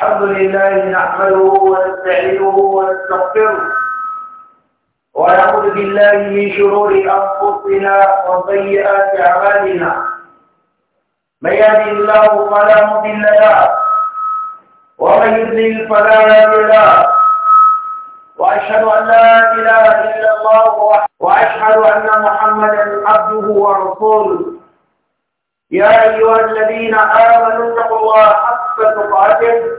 الحمد لله نحمده ونستعينه ونستغفره ونعوذ بالله من شرور أنفسنا وسيئات أعمالنا من يهد الله فلا مضل له ومن يضلل فلا هادي له وأشهد أن لا إله إلا الله وأشهد أن محمدا عبده ورسوله يا أيها الذين آمنوا اتقوا الله حق تقاته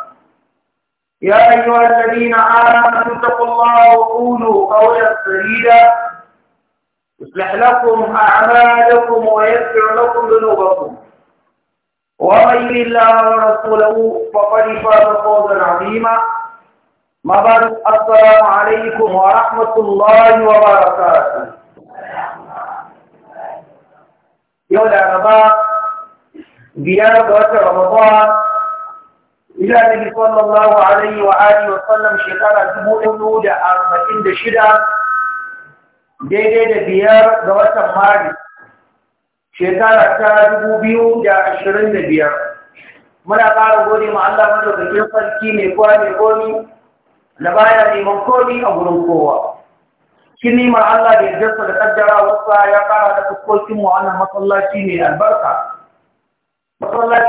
يا أيها الذين آمنوا اتقوا الله وقولوا قولا سديدا يصلح لكم أعمالكم ويغفر لكم ذنوبكم ومن الله ورسوله فقد فاز فوزا عظيما ما بعد السلام عليكم ورحمة الله وبركاته يا ربا بيار بوات رمضان إلى النبي صلى الله عليه وآله وسلم شكرا تبوئنه دا أربعين دا شدا daidai da biyar ga watan Maris, shekara ta dubu biyu da ashirin da biyar. Muna ƙara gode ma Allah madaukakin sarki mai kowa mai komi da baya neman komi a gurin kowa. Shin nima Allah da yardarsa da kaddara wasa ya ƙara da fuskokin wannan masallaci mai albarka.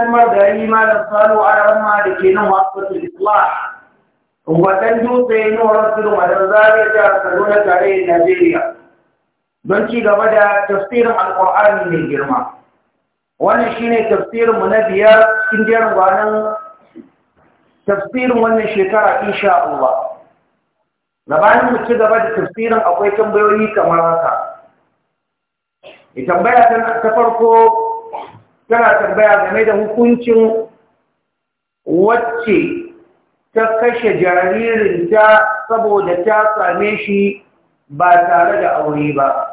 kuma gari malam salo a rama da ke nan hospital islam watan dutse yin hospital madan zare ta na tare da najeriya don ci gaba da tafsirin alkur'ani mai girma wannan shine tafsirin mu na biyar cikin jerin gwanan tafsirin wannan shekara insha Allah gabanin mu ci gaba da tafsirin akwai tambayoyi kamar haka tambaya ta farko tana tambaya game da hukuncin wacce ta kashe jaririnta saboda ta same shi ba tare da aure ba.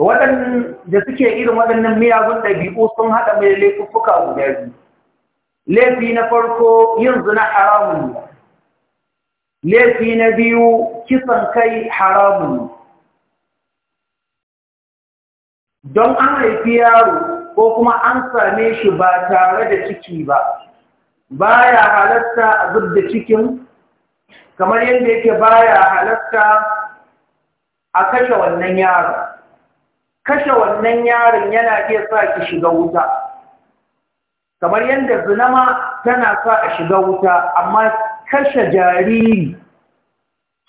Waɗanda suke irin waɗannan miyagun ɗabi'u sun haɗa mai laifuffuka guda biyu. Laifi na farko yin zina haramun Laifi na biyu kisan kai haramun don an haifi yaro ko kuma an same shi ba tare da ciki ba baya halatta a da cikin kamar yadda yake baya halatta a kashe wannan yaron kashe wannan yaron yana iya sa ki shiga wuta kamar yadda zinama tana sa a shiga wuta amma kashe jariri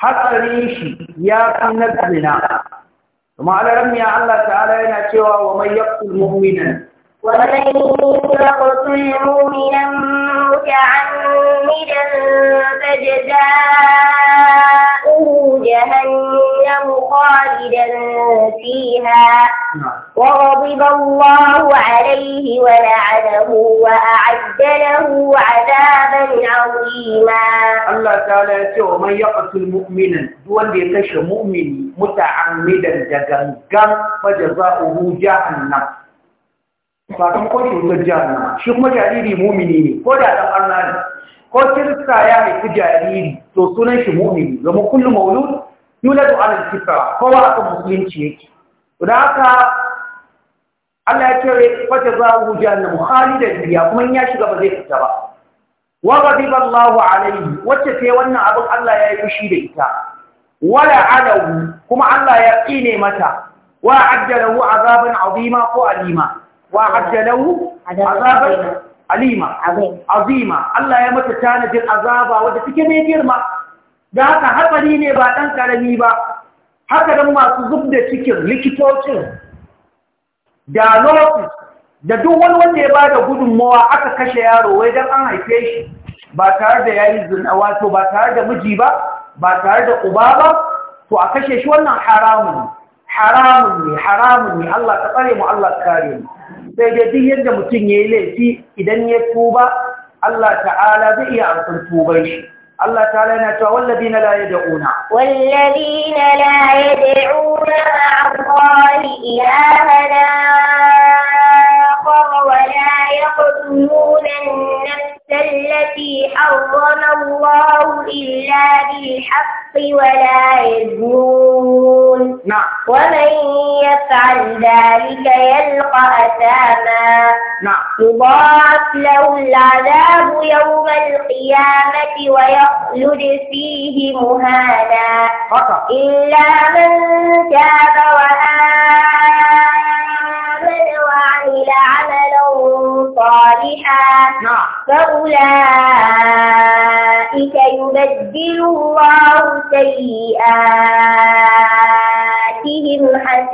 hatsarin shi ya fi na zina kuma alaran ya Allah ta'ala yana cewa wa man yaqtul mu'mina wa man yaqtul mu'minan muta'ammidan fajzaa جهنم خالدا فيها وغضب الله عليه ولعنه وأعد له عذابا عظيما الله تعالى يقول من يقتل مؤمنا دون يكش مؤمن متعمدا دقنقا فجزاؤه جهنم sakamakon shi wutar jihar shi kuma jariri mumini ne ko da ɗan arna ne ko kirista ya haifi jariri to sunan shi mu'mini zama kullu maulud yuladu ala al kowa aka musulunci yake don haka Allah ya ce fata za hu jahannamu khalidan biya kuma in ya shiga ba zai fita ba wa ghadiba Allahu alayhi wacce sai wannan abin Allah ya yi fushi da ita wala alahu kuma Allah ya tsine mata wa ajjalahu azaban azima ko alima wa ajjalahu azaban alima azima Allah ya mata tanajin azaba wadda take mai girma da haka hatsari ne ba ɗan ƙarami ba haka dan masu zub da cikin likitocin da nurses da duk wani wanda ya ba da gudunmawa aka kashe yaro wai don an haife shi ba tare da ya yi zina wato ba tare da miji ba ba tare da uba ba to a kashe shi wannan haramun haramun ne haramun ne Allah ta tsare mu Allah ta kare mu Daga duk yadda mutum ya yi laifi idan ya tuba Allah ta'ala zai iya amsar tuban shi Allah ta'ala yana cewa wallazina la yad'una wallazina la yad'una ma'a Allah hada يقتلون النفس التي حرم الله إلا بالحق ولا يزنون نعم ومن يفعل ذلك يلقى أثاما نعم يضاعف له العذاب يوم القيامة ويخلد فيه مهانا إلا من تاب وآمن نعم. فأولئك يبدل الله سيئاتهم حسنات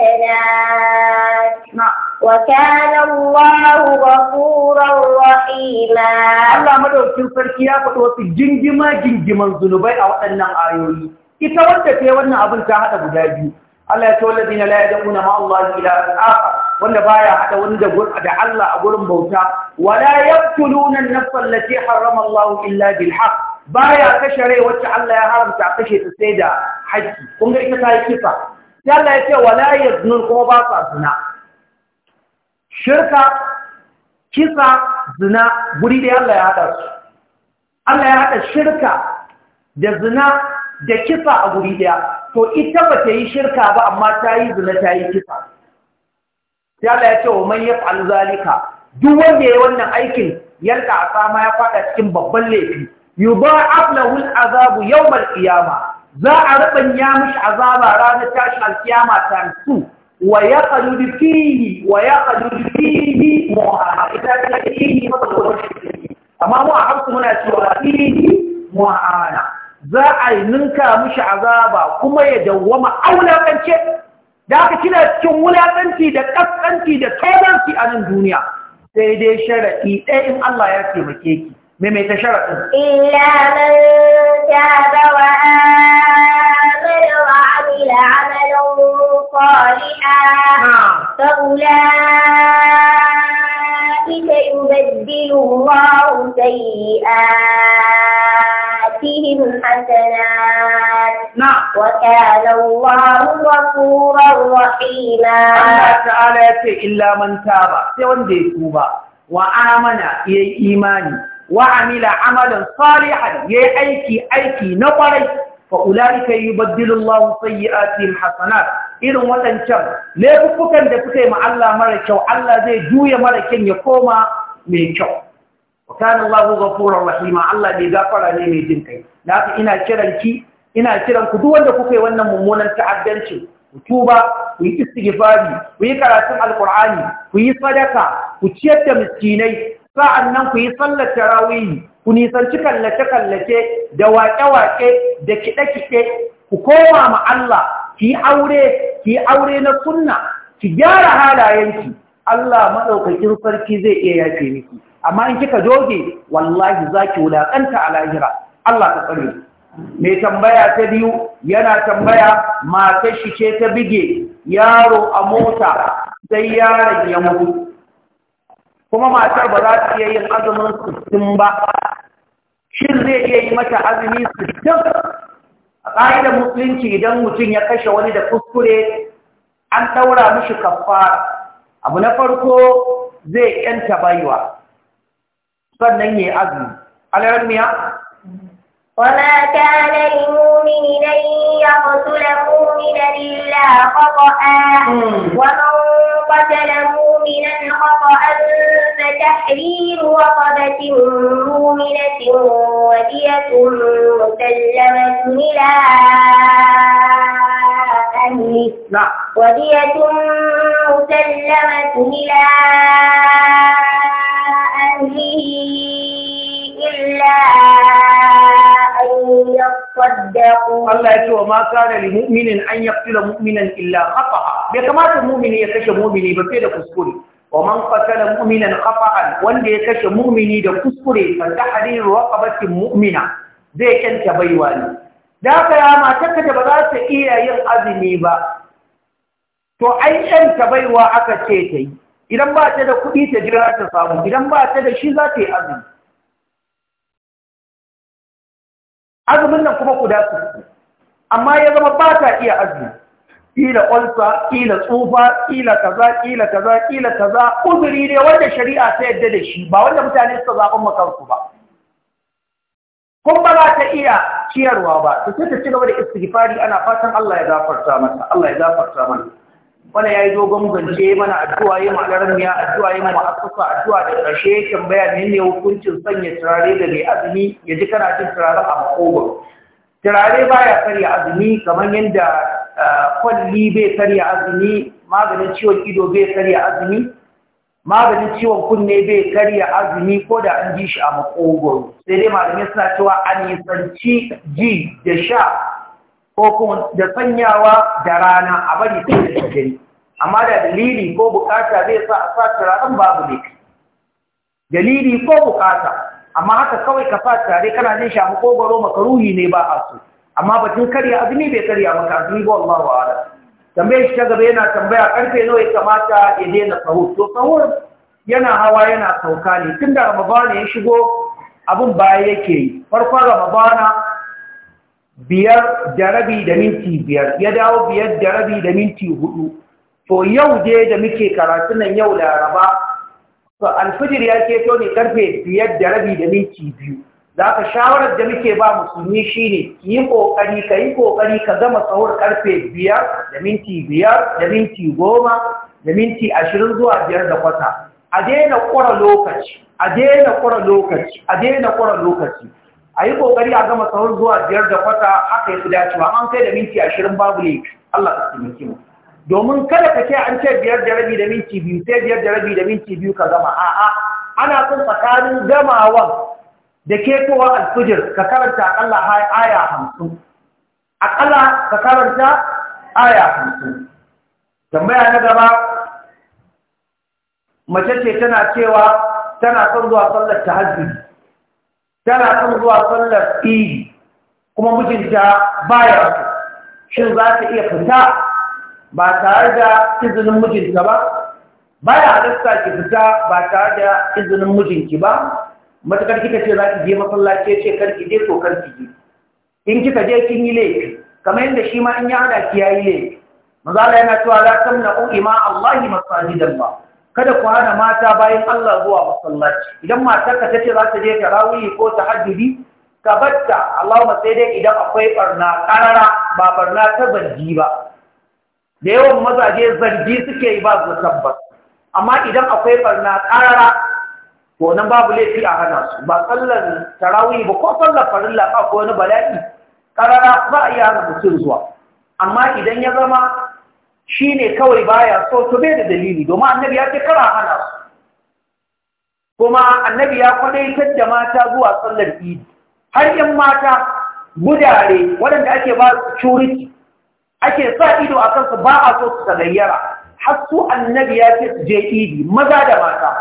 نعم. وكان الله غفورا رحيما الله مدعو في الفرقية وفي جنجما جنجما الظنوبي أو أن آيوني إذا وانت في وانا بجاجي الله يسوى الذين لا يدعون مع الله إلى الآخر wanda baya hada wani da Allah a gurin bauta wala yaqtuluna an-nafs allati harrama Allah illa bil haqq baya kashe rai wacce Allah ya haramta a kashe ta sai da haƙƙi kun ga ita ta yi kifa sai Allah ya ce wala yaznun kuma ba sa zina shirka kisa zina guri da Allah ya hada su Allah ya hada shirka da zina da kisa a guri daya to ita ba ta yi shirka ba amma ta yi zina ta yi kisa sai Allah ya ce wa man yaf'al zalika duk wanda yayi wannan aikin yalka sama ya fada cikin babban laifi yudha'af lahu al'azabu yawm al-qiyama za a rubanya mishi azaba ranar tashin al-qiyama tan su wa yaqalu fihi wa yaqalu fihi mu'ahada fihi amma mu a hausa muna cewa fihi mu'ahada za a ninka mishi azaba kuma ya dawwama aulakance da aka kina cikin wulaƙanci da ƙasƙanci da tozanci a nan duniya sai dai sharaɗi ɗaya in Allah ya taimake ki maimaita sharaɗin illa man taba wa amana wa amila amalan salihan fa ulaika yubaddilu Allahu sayyi'at تأتيهم حسنات نعم وكان الله غفورا رحيما الله تعالى إلا من تاب سيوان دي توبا وآمن يي إيماني وعمل عملا صالحا يي أيكي أيكي نقري فأولئك يبدل الله سيئاتهم حسنات irin waɗancan laifukan da suka yi ma Allah mara kyau Allah zai juya mara kyan ya koma mai kyau wa kana Allahu rahima Allah ne gafara ne mai jin kai da haka ina kiran ki ina kiran ku Duwanda kuka wannan mummunan ta'addanci ku tuba ku yi istighfari ku yi karatun alqur'ani ku yi sadaka ku ciyar da miskinai sa'annan ku yi sallar tarawih ku nisanci kallace kallace da waƙe waƙe da kiɗe kiɗe ku koma ma Allah ki aure ki aure na sunna ki gyara halayenki Allah maɗaukakin sarki zai iya yafe miki amma in kika doge wallahi zaki wulakanta a lahira Allah ta tsare mai tambaya ta biyu yana tambaya matar shi ce ta bige yaro a mota sai yaron ya mutu kuma matar ba za ta iya yin azumin sittin ba shin zai iya yi mata azumi sittin a ƙa'idar musulunci idan mutum ya kashe wani da kuskure an ɗaura mishi kafa. abu na farko zai yanta baiwa sannan ya yi azumi alaran وما كان لمؤمن أن يقتل مؤمنا إلا خطأ ومن قتل مؤمنا خطأ فتحرير رقبة مؤمنة ودية مسلمة إلى أهله نعم. ودية مسلمة إلى Allah ya ce wa ma da mu'minin an yaqtula mu'minan illa khata bai kamata mu'mini ya kashe mu'mini ba sai da kuskure wa man qatala mu'minan khata'an wanda ya kashe mu'mini da kuskure fa tahrir raqabatin mu'mina zai kanta baiwa ne da haka ya matarka ba za ta iya yin azumi ba to ai ta baiwa aka ce ta yi idan ba ta da kuɗi ta jira ta samu idan ba ta da shi za ta yi azumi azumin nan kuma ku dace amma ya zama ba ta iya azumi kila ƙwansa, kila tsufa kila kaza kila kaza kila kaza uzuri ne wanda shari'a ta yadda da shi ba wanda mutane suka zaɓa makarsu ba kun ba za ta iya ciyarwa ba Su sai ta ci gaba da istighfari ana fatan Allah ya gafarta mata Allah ya gafarta mana ya yayi dogon zance mana addu'a yi ma ya addu'a yi ma addu'a da ƙarshe tambaya ne ne hukuncin sanya turare da mai azumi ya ji kana jin turaren a makogon turare baya karya azumi kamar yadda eh, kwalli bai karya azumi maganin ciwon ido bai karya azumi maganin ciwon kunne bai karya azumi ko da an ji shi a makogoro sai dai malamai suna cewa a nisanci ji da sha ko kuma da sanyawa da rana a bari sai da dare amma da dalili ko bukata zai sa a sa turaren babu ne dalili ko bukata amma haka kawai ka fa tare kana jin shafi maka ruhi ne ba a so amma batun karya azumi bai karya maka azumi ba Allah wa ala tambayar shi ta gaba yana tambaya karfe nawa ya kamata ya daina sahur to sahur yana hawa yana sauka ne tun da ramadana ya shigo abin baya yake yi farkon ramadana biyar da rabi da minti biyar ya dawo biyar da rabi da minti hudu to yau je da muke karatu nan yau laraba to alfijir ya keto ne karfe biyar da rabi da minti biyu za ka shawarar da muke ba musulmi shine ki yi ƙoƙari ka yi ƙoƙari ka gama sahur karfe biyar da minti biyar da minti goma da minti ashirin zuwa biyar da kwata a daina kura lokaci a daina kura lokaci a daina kura lokaci a yi ƙoƙari a gama sahur zuwa biyar da kwata haka ya fi dacewa an kai da minti ashirin babu laifi Allah ka taimake mu domin kada ka ce an ce biyar da rabi da minti biyu sai biyar da rabi da minti biyu ka gama a'a ana son tsakanin gamawan da ketowar alfijir ka karanta akalla aya hamsin akalla ka karanta aya hamsin tambaya na gaba mace ce tana cewa tana son zuwa sallar tahajjud tana son zuwa sallar idi kuma mijinta baya shin za ta iya fita ba tare da izinin mijinta ba Ba ya halasta ki fita ba tare da izinin mijinki ba matakar kika ce za ki je masallaci ce kar ki je to kar ki je in kika je kin yi laifi kamar yadda shi ma in ya hada ki yayi laifi maza Allah yana cewa na tamna'u ima Allahi masajidan ba kada ku hana mata bayan Allah zuwa masallaci idan matarka ta ce za ta je rawuyi ko ta tahajjudi ka batta Allahumma sai dai idan akwai barna karara ba barna ta banji ba da yawan mazaje zargi suke yi ba su tabbas amma idan akwai barna karara ko nan babu laifi a hana su ba sallar tarawih ba ko sallar farilla ba ko wani bala'i karara za a iya hana mutum zuwa amma idan ya zama shine kawai baya so to bai da dalili domin annabi ya ce kara hana su kuma annabi ya kwadaitar da mata zuwa sallar idi har yan mata gudare waɗanda ake ba su curiki ake sa ido a kansu ba a so su tagayyara har su annabi ya ce su je idi maza da mata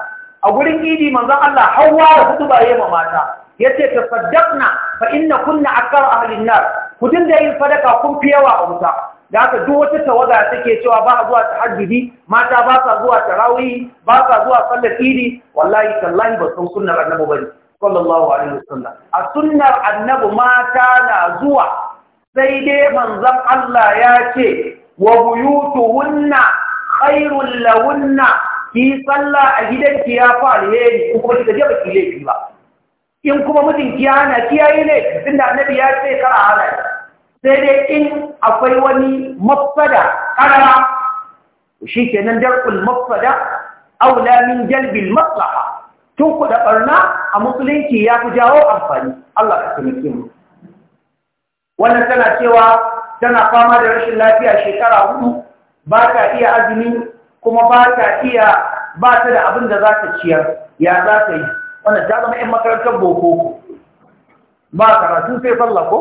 a gurin idi manzon Allah hawa da hudu ba ma mata yace ta saddaqna fa inna kunna akthar ahli nar ku dinga yin sadaka kun fi yawa a wuta da haka duk wata tawaga take cewa ba a zuwa tahajjudi mata ba sa zuwa tarawih ba sa zuwa sallar idi wallahi tallahi ba san sunnar annabi bari. sallallahu alaihi wasallam a sunnar annabi mata na zuwa sai dai manzan Allah ya ce wa buyutuhunna khairul wunna, ki salla a ki ya fa alheri ko kuma kika je baki laifi ba in kuma mijinki ya hana ki yayi ne tunda annabi ya ce a hana sai dai in akwai wani mafsada karara shi kenan darkul mafsada aula min jalbil maslaha tun kuɗa ɓarna a musulunci ya fi jawo amfani Allah ka taimake mu wannan tana cewa tana fama da rashin lafiya shekara hudu ba ta iya azumi kuma ba ta iya ba ta da abin da za ta ciyar ya za ta yi wannan ta zama 'yan makarantar boko ba karatu sai sallah ko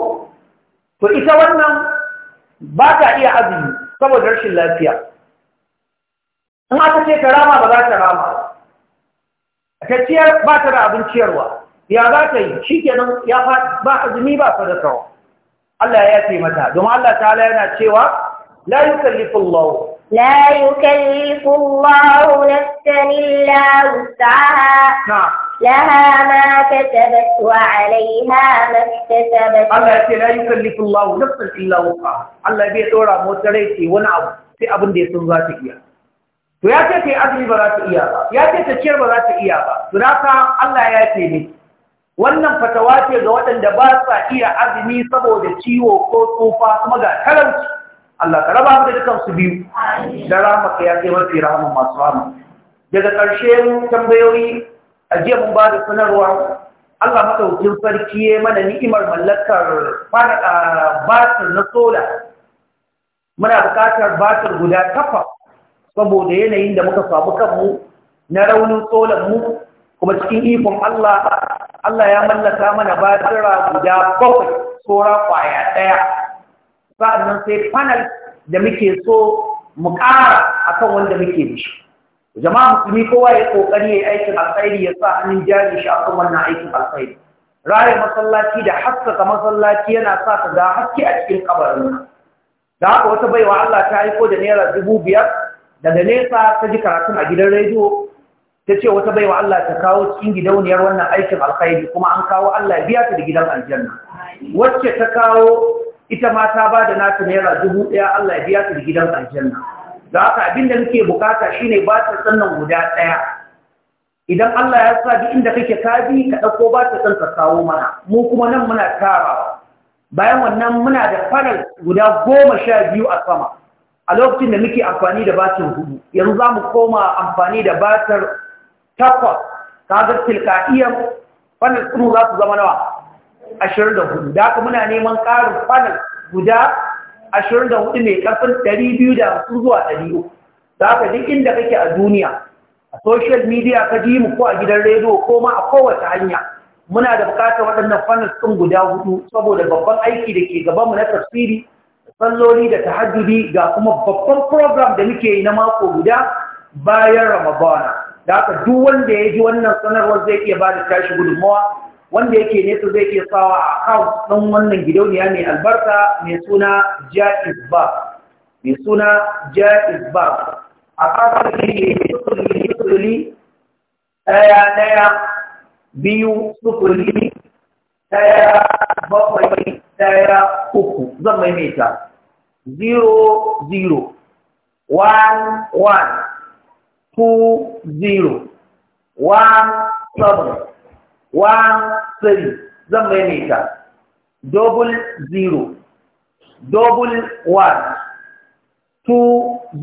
to ita wannan ba ta iya azumi saboda rashin lafiya in aka ce ta rama ba za ta rama ta ciyar ba ta da abin ciyarwa ya za ta yi shi kenan ya ba azumi ba sadakawa Allah ya yafe mata domin Allah ta'ala yana cewa la yukallifu Allah la yukallifu Allah nafsan illa wus'aha na'am laha ma katabat wa 'alayha ma iktasabat Allah ya ce la yukallifu Allah nafsan illa wus'aha Allah bai dora mota rai ce wani abu sai abin da ya sun za ta iya to ya ce ta yi azumi ba za ta iya ba ya ce ta ciyar ba za ta iya ba to haka Allah ya yafe miki wannan fatawa ce ga waɗanda ba sa iya azumi saboda ciwo ko tsufa kuma ga talauci Allah ka raba da dukan su biyu da rama ka ya kai mafi rahama masu rahama daga ƙarshe tambayoyi a jiya mun ba da sanarwa Allah madaukin sarki ya mana ni'imar mallakar batir na sola muna buƙatar batir guda takwas saboda yanayin da muka samu kanmu na raunin solar mu kuma cikin ikon Allah Allah ya mallaka mana batira guda bakwai tsora kwaya ɗaya sa'annan sai panel da muke so mu ƙara akan wanda muke da shi jama'a musulmi kowa ya kokari ya yi aikin alkhairi ya sa hannun jari shi akan wannan aikin alkhairi raya masallaci da haskaka masallaci yana sa ka ga haske a cikin kabarin da haka wata baiwa Allah ta haifo da naira dubu biyar daga nesa ta ji karatun a gidan rediyo ta ce wata baiwa Allah ta kawo cikin gidauniyar wannan aikin alkhairi kuma an kawo Allah biya ta da gidan aljanna wacce ta kawo ita ma ta ba da nata naira dubu ɗaya Allah biya ta da gidan aljanna da haka abin da muke bukata shine ba ta sannan guda ɗaya idan Allah ya sa duk inda kake ka bi ka ɗauko ba ta san ka kawo mana mu kuma nan muna tara. bayan wannan muna da farar guda goma sha biyu a sama a lokacin da muke amfani da batin hudu yanzu za mu koma amfani da batar takwas kaga iya panel ɗin za su zama nawa ashirin da hudu da aka muna neman ƙarin panel guda ashirin da hudu mai ƙarfin ɗari biyu da hamsin zuwa ɗari uku da ka duk inda kake a duniya a social media ka ji mu ko a gidan rediyo ko ma a kowace hanya muna da bukatar waɗannan panel ɗin guda hudu saboda babban aiki da ke gabanmu na tafsiri salloli da tahajjudi ga kuma babban program da muke yi na mako guda bayan ramadana da haka duk wanda ya ji wannan sanarwar zai iya ba da tashi gudunmawa wanda yake nesa zai iya sawa a account ɗin wannan gidauniya mai albarka mai suna jaiz ba mai suna jaiz ba a kasar sufuri ɗaya ɗaya biyu sufuri ɗaya bakwai ɗaya uku zan maimaita 00 1 1 two zero one seven one three zan maimaita double zero double one two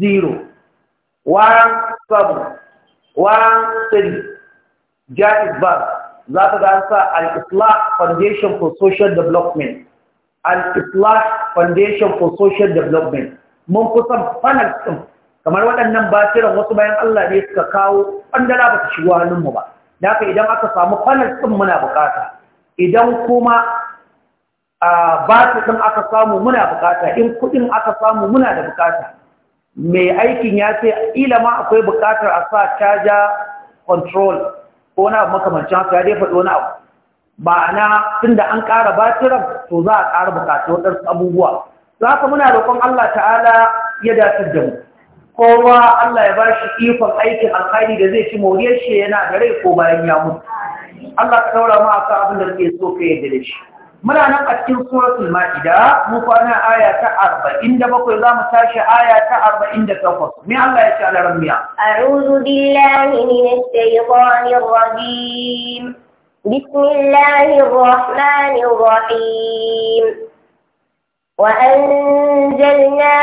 zero one seven one three Jaiz Bank za ta gansa Al-Islah Foundation for Social Development Al-Islah Foundation for Social Development mun kusan panel ɗin kamar waɗannan batiran wasu bayan Allah ne suka kawo ɓandala ba su wa hannunmu ba da haka idan aka samu kwanar ɗin muna bukata idan kuma a ɗin aka samu muna bukata in kuɗin aka samu muna da bukata mai aikin ya ce ma akwai bukatar a sa caja control ko na makamancin haka ya dai faɗi wani abu na tun da an ƙara batiran to za a ƙara bukatu waɗansu abubuwa za ka muna roƙon Allah ta'ala ya dace da mu kowa Allah ya bashi ikon aikin alkhairi da zai ci moriyar shi yana da rai ko bayan ya mutu Allah ka daura mu aka abin da kake so ka yarda da shi muna nan a cikin suratul ma'ida mu kwana aya ta 47 za mu tashi aya ta 48 me Allah ya ce ala rabbiya a'udhu billahi minash shaytanir rajim bismillahir rahmanir rahim wa anzalna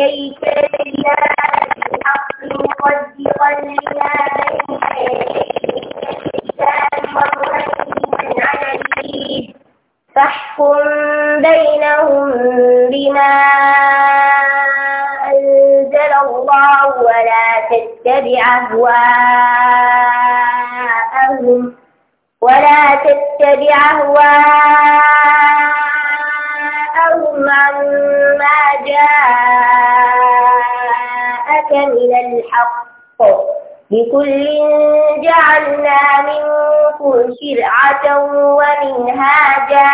إليك بالله الحق مصدقا لما بين يديه الكتاب عليه فاحكم بينهم بما أنزل الله ولا تتبع أهواءهم ولا تتبع أهواءهم لهم عما جاءك من الحق لكل جعلنا منكم شرعة ومنهاجا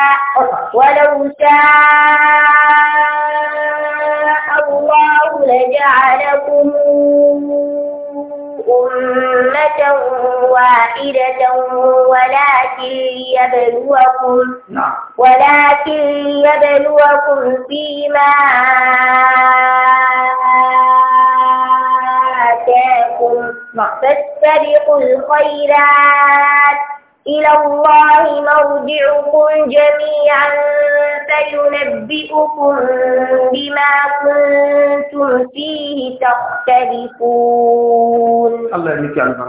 ولو شاء الله لجعلكم أمة واحدة ولكن ليبلوكم نعم. ولكن ليبلوكم فيما آتاكم نعم. فاستبقوا الخيرات إلى الله مرجعكم جميعا فينبئكم بما كنتم فيه تختلفون الله يبارك فيك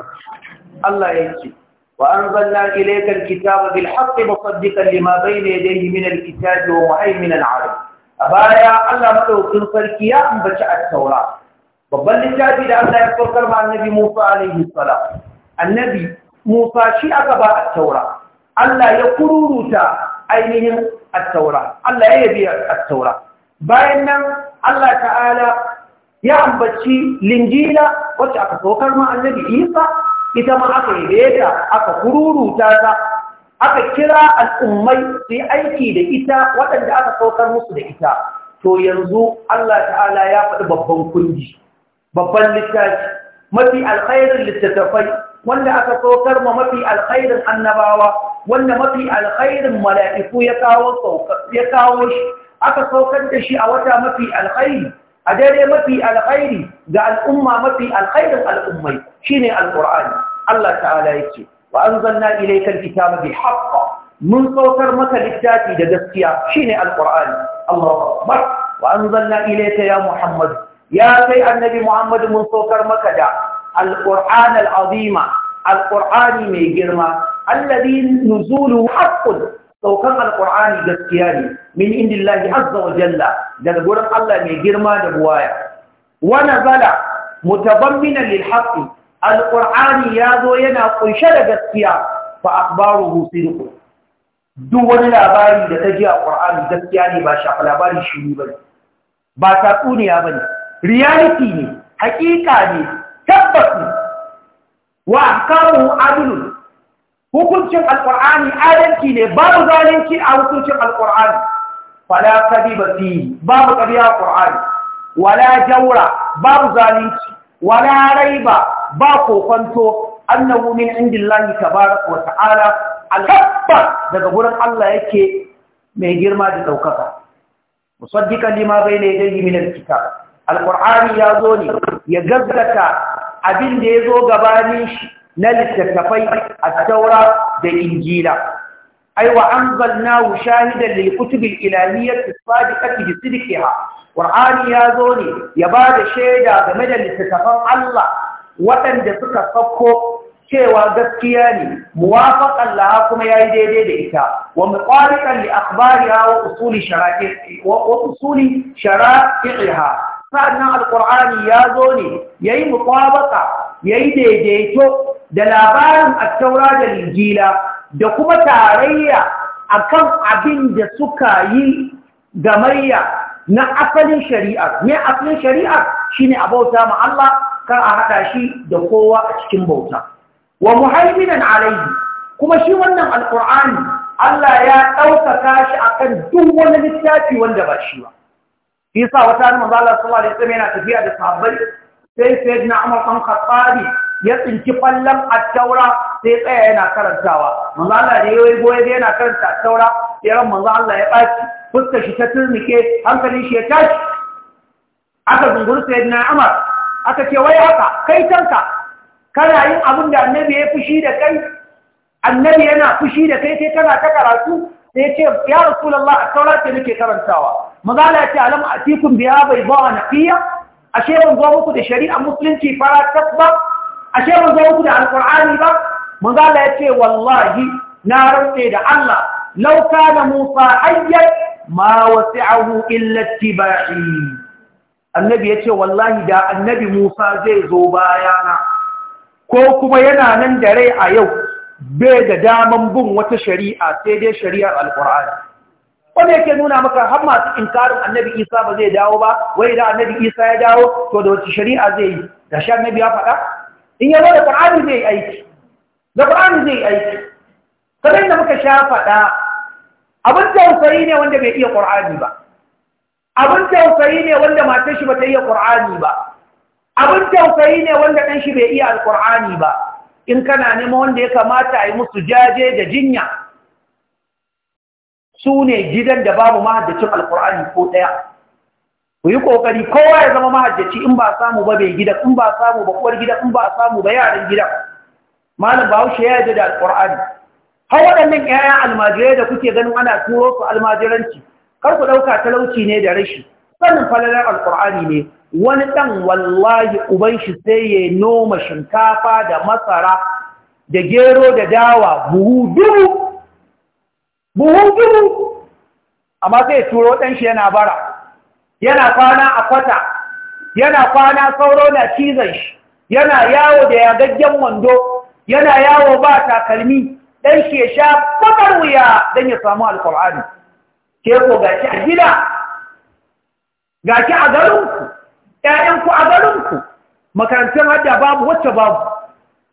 الله يجزي وأنزلنا إليك الكتاب بالحق مصدقا لما بين يديه من الكتاب العرب. أبانا أبايا الله ملوك صلكي يا بشع التوراة وبل الكتاب إذا الله مع النبي موسى عليه الصلاة النبي musa aka ba a taura Allah ya kururuta ainihin attaura Allah ya yabi attaura bayan nan Allah ta'ala ya ambaci lingila, wacce aka saukar ma annabi Isa ita ma aka yabe ta aka kururuta ta aka kira al'ummai su aiki da ita waɗanda aka saukar musu da ita to yanzu Allah ta'ala ya faɗi babban kundi, babban littafi mafi alkhairin littattafai wanda aka saukar ma mafi alkhairin annabawa wanda mafi alkhairin mala'iku ya kawo shi aka saukar da shi a wata mafi alkhairi a daidai mafi alkhairi ga al'umma mafi alkhairin al'ummai shine Al'ƙur'ani. Allah ta'ala yake wa anzalna ilayka alkitaba bil haqq mun saukar maka littafi da gaskiya shine alqur'ani Allahu akbar wa anzalna ta ya Muhammadu. ya kai annabi Muhammadu mun saukar maka da azima al'azima alƙur'ani mai girma alladhi nuzulu haqqun saukan alƙur'ani gaskiya ne min indillahi azza wa jalla daga gurin Allah mai girma da buwaya wa nazala mutabammina lil haqqi alƙur'ani ya zo yana kunshe da gaskiya fa akhbaruhu sidqu duk wani labari da ta ji a ƙur'ani gaskiya ne ba shafa labari shiru ba ba tatsuniya ba ne reality ne hakika ne tabbas ne wa ahkamu adlun hukuncin alqur'ani adalci ne babu zalunci a hukuncin alqur'ani fala kadiba fi babu kadiya alqur'ani wala jawra babu zalunci wala raiba ba kokonto annahu min indillahi tabaraka wa ta'ala alhaqqa daga gurin Allah yake mai girma da daukaka musaddiqan lima bayna yadayhi min alkitab alƙur'ani ya zo ne ya gaskata abin da ya zo gabanin shi na littattafai a taura da injila ai wa anzalnahu shahidan lil kutubil ilaniyyati sadiqati bi sidqiha qur'ani ya zo ne ya ba da shaida game da littattafan Allah waɗanda suka sauko cewa gaskiya ne muwafaqan laha kuma ya yi daidai da ita wa muqariqan li akhbariha wa usuli wa usuli shara'iha sa'annan alqur'ani ya zo ne ya yayi ya yayi daidaito da labarin at-taura da injila da kuma tarayya kan abin da suka yi gamayya na asalin shari'a ne asalin shari'a shine bauta ma Allah kar a haɗa shi da kowa a cikin bauta wa muhaiminan alaihi, kuma shi wannan alqur'ani Allah ya ɗaukaka shi akan duk wani littafi wanda ba shi ba shi yasa wata ne manzo Allah sallallahu alaihi wasallam yana tafiya da sahabbai sai sayyidina Umar bin Khattab ya tsinci fallan at-taura sai tsaya yana karantawa manzo Allah da yayi goye da yana karanta at-taura sai ran manzo Allah ya baci fuskar shi ta turnike hankalin shi ya tashi aka zunguru sayyidina Umar aka ce wai haka kai tanka kana yin abin da annabi ya fushi da kai annabi yana fushi da kai kai kana ta karatu sai ce ya rasulullah a taura ce nake karantawa mazala ya ce alam atikum biya bai ba nafiya ashe ban zo muku da shari'a musulunci fara tasba ashe ban zo muku da alqur'ani ba mazala ya ce wallahi na rantse da Allah lauka da musa hayyan ma wasi'ahu illa ittiba'i annabi ya ce wallahi da annabi musa zai zo bayana ko kuma yana nan da rai a yau bai da daman bin wata shari'a sai dai shari'ar alkur'ani wanda yake nuna maka har masu inkarin annabi isa ba zai dawo ba wai da annabi isa ya dawo to da wata shari'a zai yi da sha annabi ya faɗa in ya zo da qur'ani zai yi aiki da qur'ani zai yi aiki kamar da muka sha faɗa abin tausayi ne wanda bai iya qur'ani ba abin tausayi ne wanda matar shi ba ta iya qur'ani ba abin tausayi ne wanda ɗan shi bai iya alqur'ani ba in kana neman wanda ya kamata a yi musu jaje da jinya su ne gidan da babu mahaddacin alkur'ani ko ɗaya ku yi ƙoƙari kowa ya zama mahaddaci in ba samu ba bai gidan in ba samu ba kuwar gidan in ba samu ba yaran gidan malam bahaushe ya da alkur'ani har waɗannan 'ya'yan almajirai da kuke ganin ana turo su almajiranci kar ku ɗauka talauci ne da rashi sanin falalar alkur'ani ne wani ɗan wallahi uban shi sai ya noma shinkafa da masara da gero da dawa buhu dubu buhu dubu amma sai turo ɗan shi yana bara yana kwana a kwata yana kwana sauro na cizon shi yana yawo da yagaggen wando yana yawo ba takalmi ɗan shi ya sha bakar wuya don ya samu alkur'ani ke ko gashi a gida ga ki a garinku ‘ya'yanku a garinku makarantar hada babu wacce babu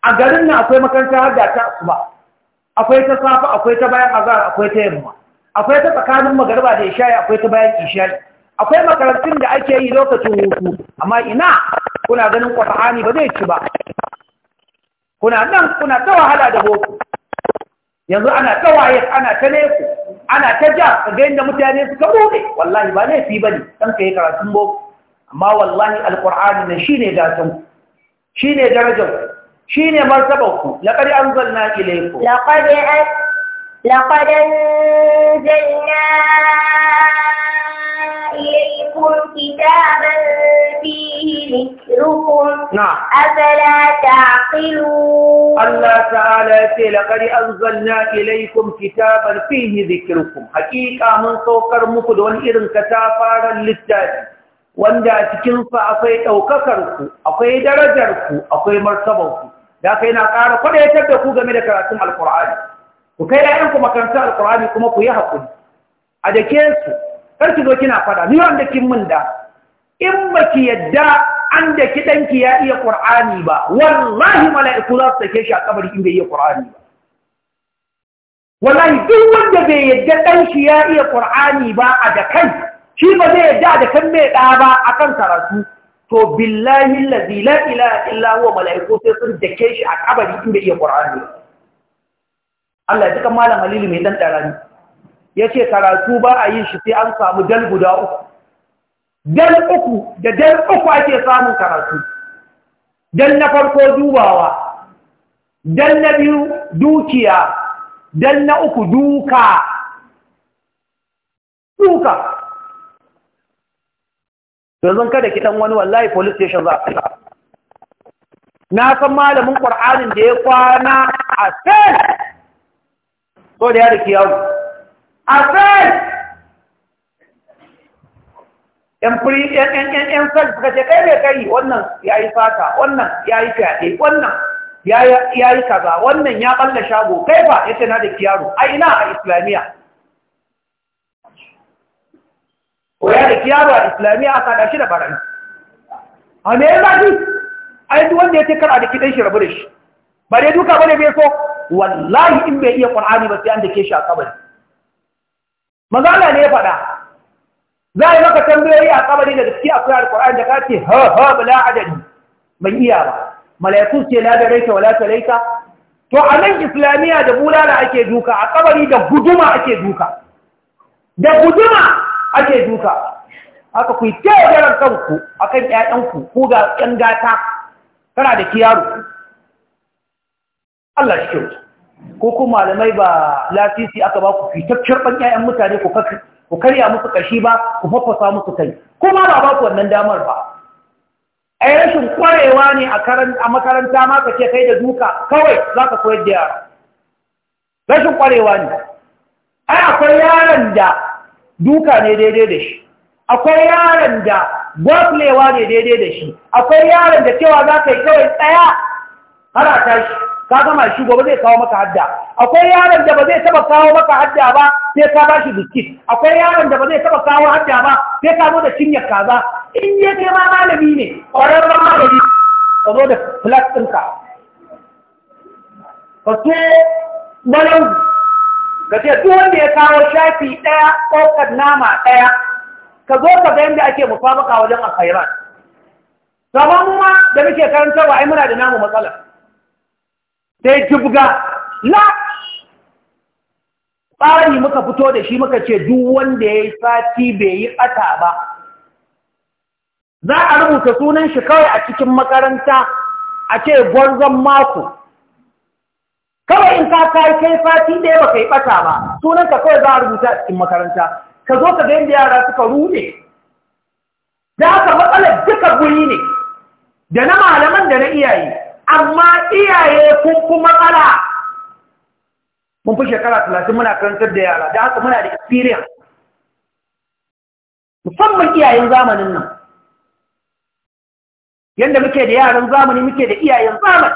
a garin na akwai makarantar hada ta asuba akwai ta safa akwai ta bayan azara akwai ta yamma akwai ta tsakanin magariba da isha'i, akwai ta bayan ishayi akwai makarantun da ake yi lokacin hutu amma ina kuna ganin ƙur'ani ba zai ci ba kuna nan kuna ta wahala da boko yanzu ana ta waye ana ta leku ana ta ja ga yadda mutane suka bude wallahi ba laifi ba ne ɗan ka yi karatun boko amma wallahi alƙur'ani ne shi ne gatan shi ne darajar shi ne ku laƙari an zanna ilaiku laƙari an zanna عليكم كتابا فيه ذكركم نعم أفلا تعقلون الله تعالى لقد أنزلنا إليكم كتابا فيه ذكركم حقيقة من سوكر مكدون إذن كتابا للتالي wanda a cikinsa akwai ɗaukakarku akwai darajarku akwai martabarku da aka yana ƙara kwadayatar da ku game da karatun alkur'ani ku kai 'ya'yanku makarantar alkur'ani kuma ku yi haƙuri a dake su kar ki zo kina fada ni wanda kin mun da in baki yadda an da ki danki ya iya qur'ani ba wallahi mala'iku za su take shi a kabari in bai iya qur'ani ba wallahi duk wanda bai yadda dan shi ya iya qur'ani ba a da kai shi ba zai yadda da kan mai da ba akan karatu to billahi allazi la ilaha illa huwa mala'iku sai sun dake shi a kabari in bai iya qur'ani ba Allah ya tuka malam Halilu mai dan dara ya ce karatu ba a yi shi sai an samu dal guda uku dal uku da dal uku ake samun karatu dal na farko dubawa dal na biyu dukiya dal na uku duka duka kada ki dan wani wallahi police station za a na san malamin qur'anin da ya kwana a sai so da ya rike asai yan firi yan yan yan yan sal suka ce kai ne kai wannan ya yi fata wannan ya yi fyaɗe wannan ya yi kaza wannan ya ɓalla shago kai ba ya ce na da kiyaro a ina a islamiyya ko ya da kiyaro a islamiyya aka da shi da barani a me ya zafi a yi wanda ya ce kar a da kiɗan shi rabu da shi ba dai duka ba ne bai so wallahi in bai iya ƙwar'ani ba sai an da ke shi a kabari Mazala ne ya faɗa, za a yi maka tambayoyi a kabari da gaske akwai alkur'ani da kace ha ha bala adadi mai iya ba malayatu ce la da raita wala ta raita to a nan islamiyya da bulala ake duka a kabari da guduma ake duka da guduma ake duka haka ku yi jaran kanku akan ‘ya’yanku ko ga yan gata kana da kiyaru Allah shi kyauta ko ku malamai ba latisi aka ba ku fitaccen ban ƴaƴan mutane ku karya musu kashi ba ku faffasa musu kai kuma ba ba ku wannan damar ba ai rashin kwarewa ne a makaranta ma ka ce kai da duka kawai za ka koyar da yara rashin kwarewa ne ai akwai yaron da duka ne daidai da shi akwai yaran da gwaflewa ne daidai da shi akwai yaron da cewa za ka yi kawai tsaya har a tashi ka gama shi gobe zai kawo maka hadda akwai yaron da ba zai taba kawo maka hadda ba sai ka ba shi biskit akwai yaron da ba zai taba kawo hadda ba sai ka zo da cinyar kaza in ya ma malami ne ƙwararren malami ka zo da flat ɗinka ka so malau ka ce duk wanda ya kawo shafi ɗaya ɗaukar nama ɗaya ka zo ka ga yadda ake musabaka wajen kairan. Sama mu ma da muke karantarwa ai muna da namu matsalar. sai jibga la tsari muka fito da shi muka ce duk wanda ya yi sati bai yi ƙata ba za a rubuta sunan shi kawai a cikin makaranta a ce gwarzon mako kawai in ka kai kai sati da yawa kai ɓata ba sunanka kawai za a rubuta a cikin makaranta ka zo ka ga yara suka rude da haka matsalar duka guri ne da na malaman da na iyaye amma iyaye kun kuma ala mun fi shekara talatin muna karantar da yara da haka muna da experience musamman iyayen zamanin nan yadda muke da yaran zamani muke da iyayen zamani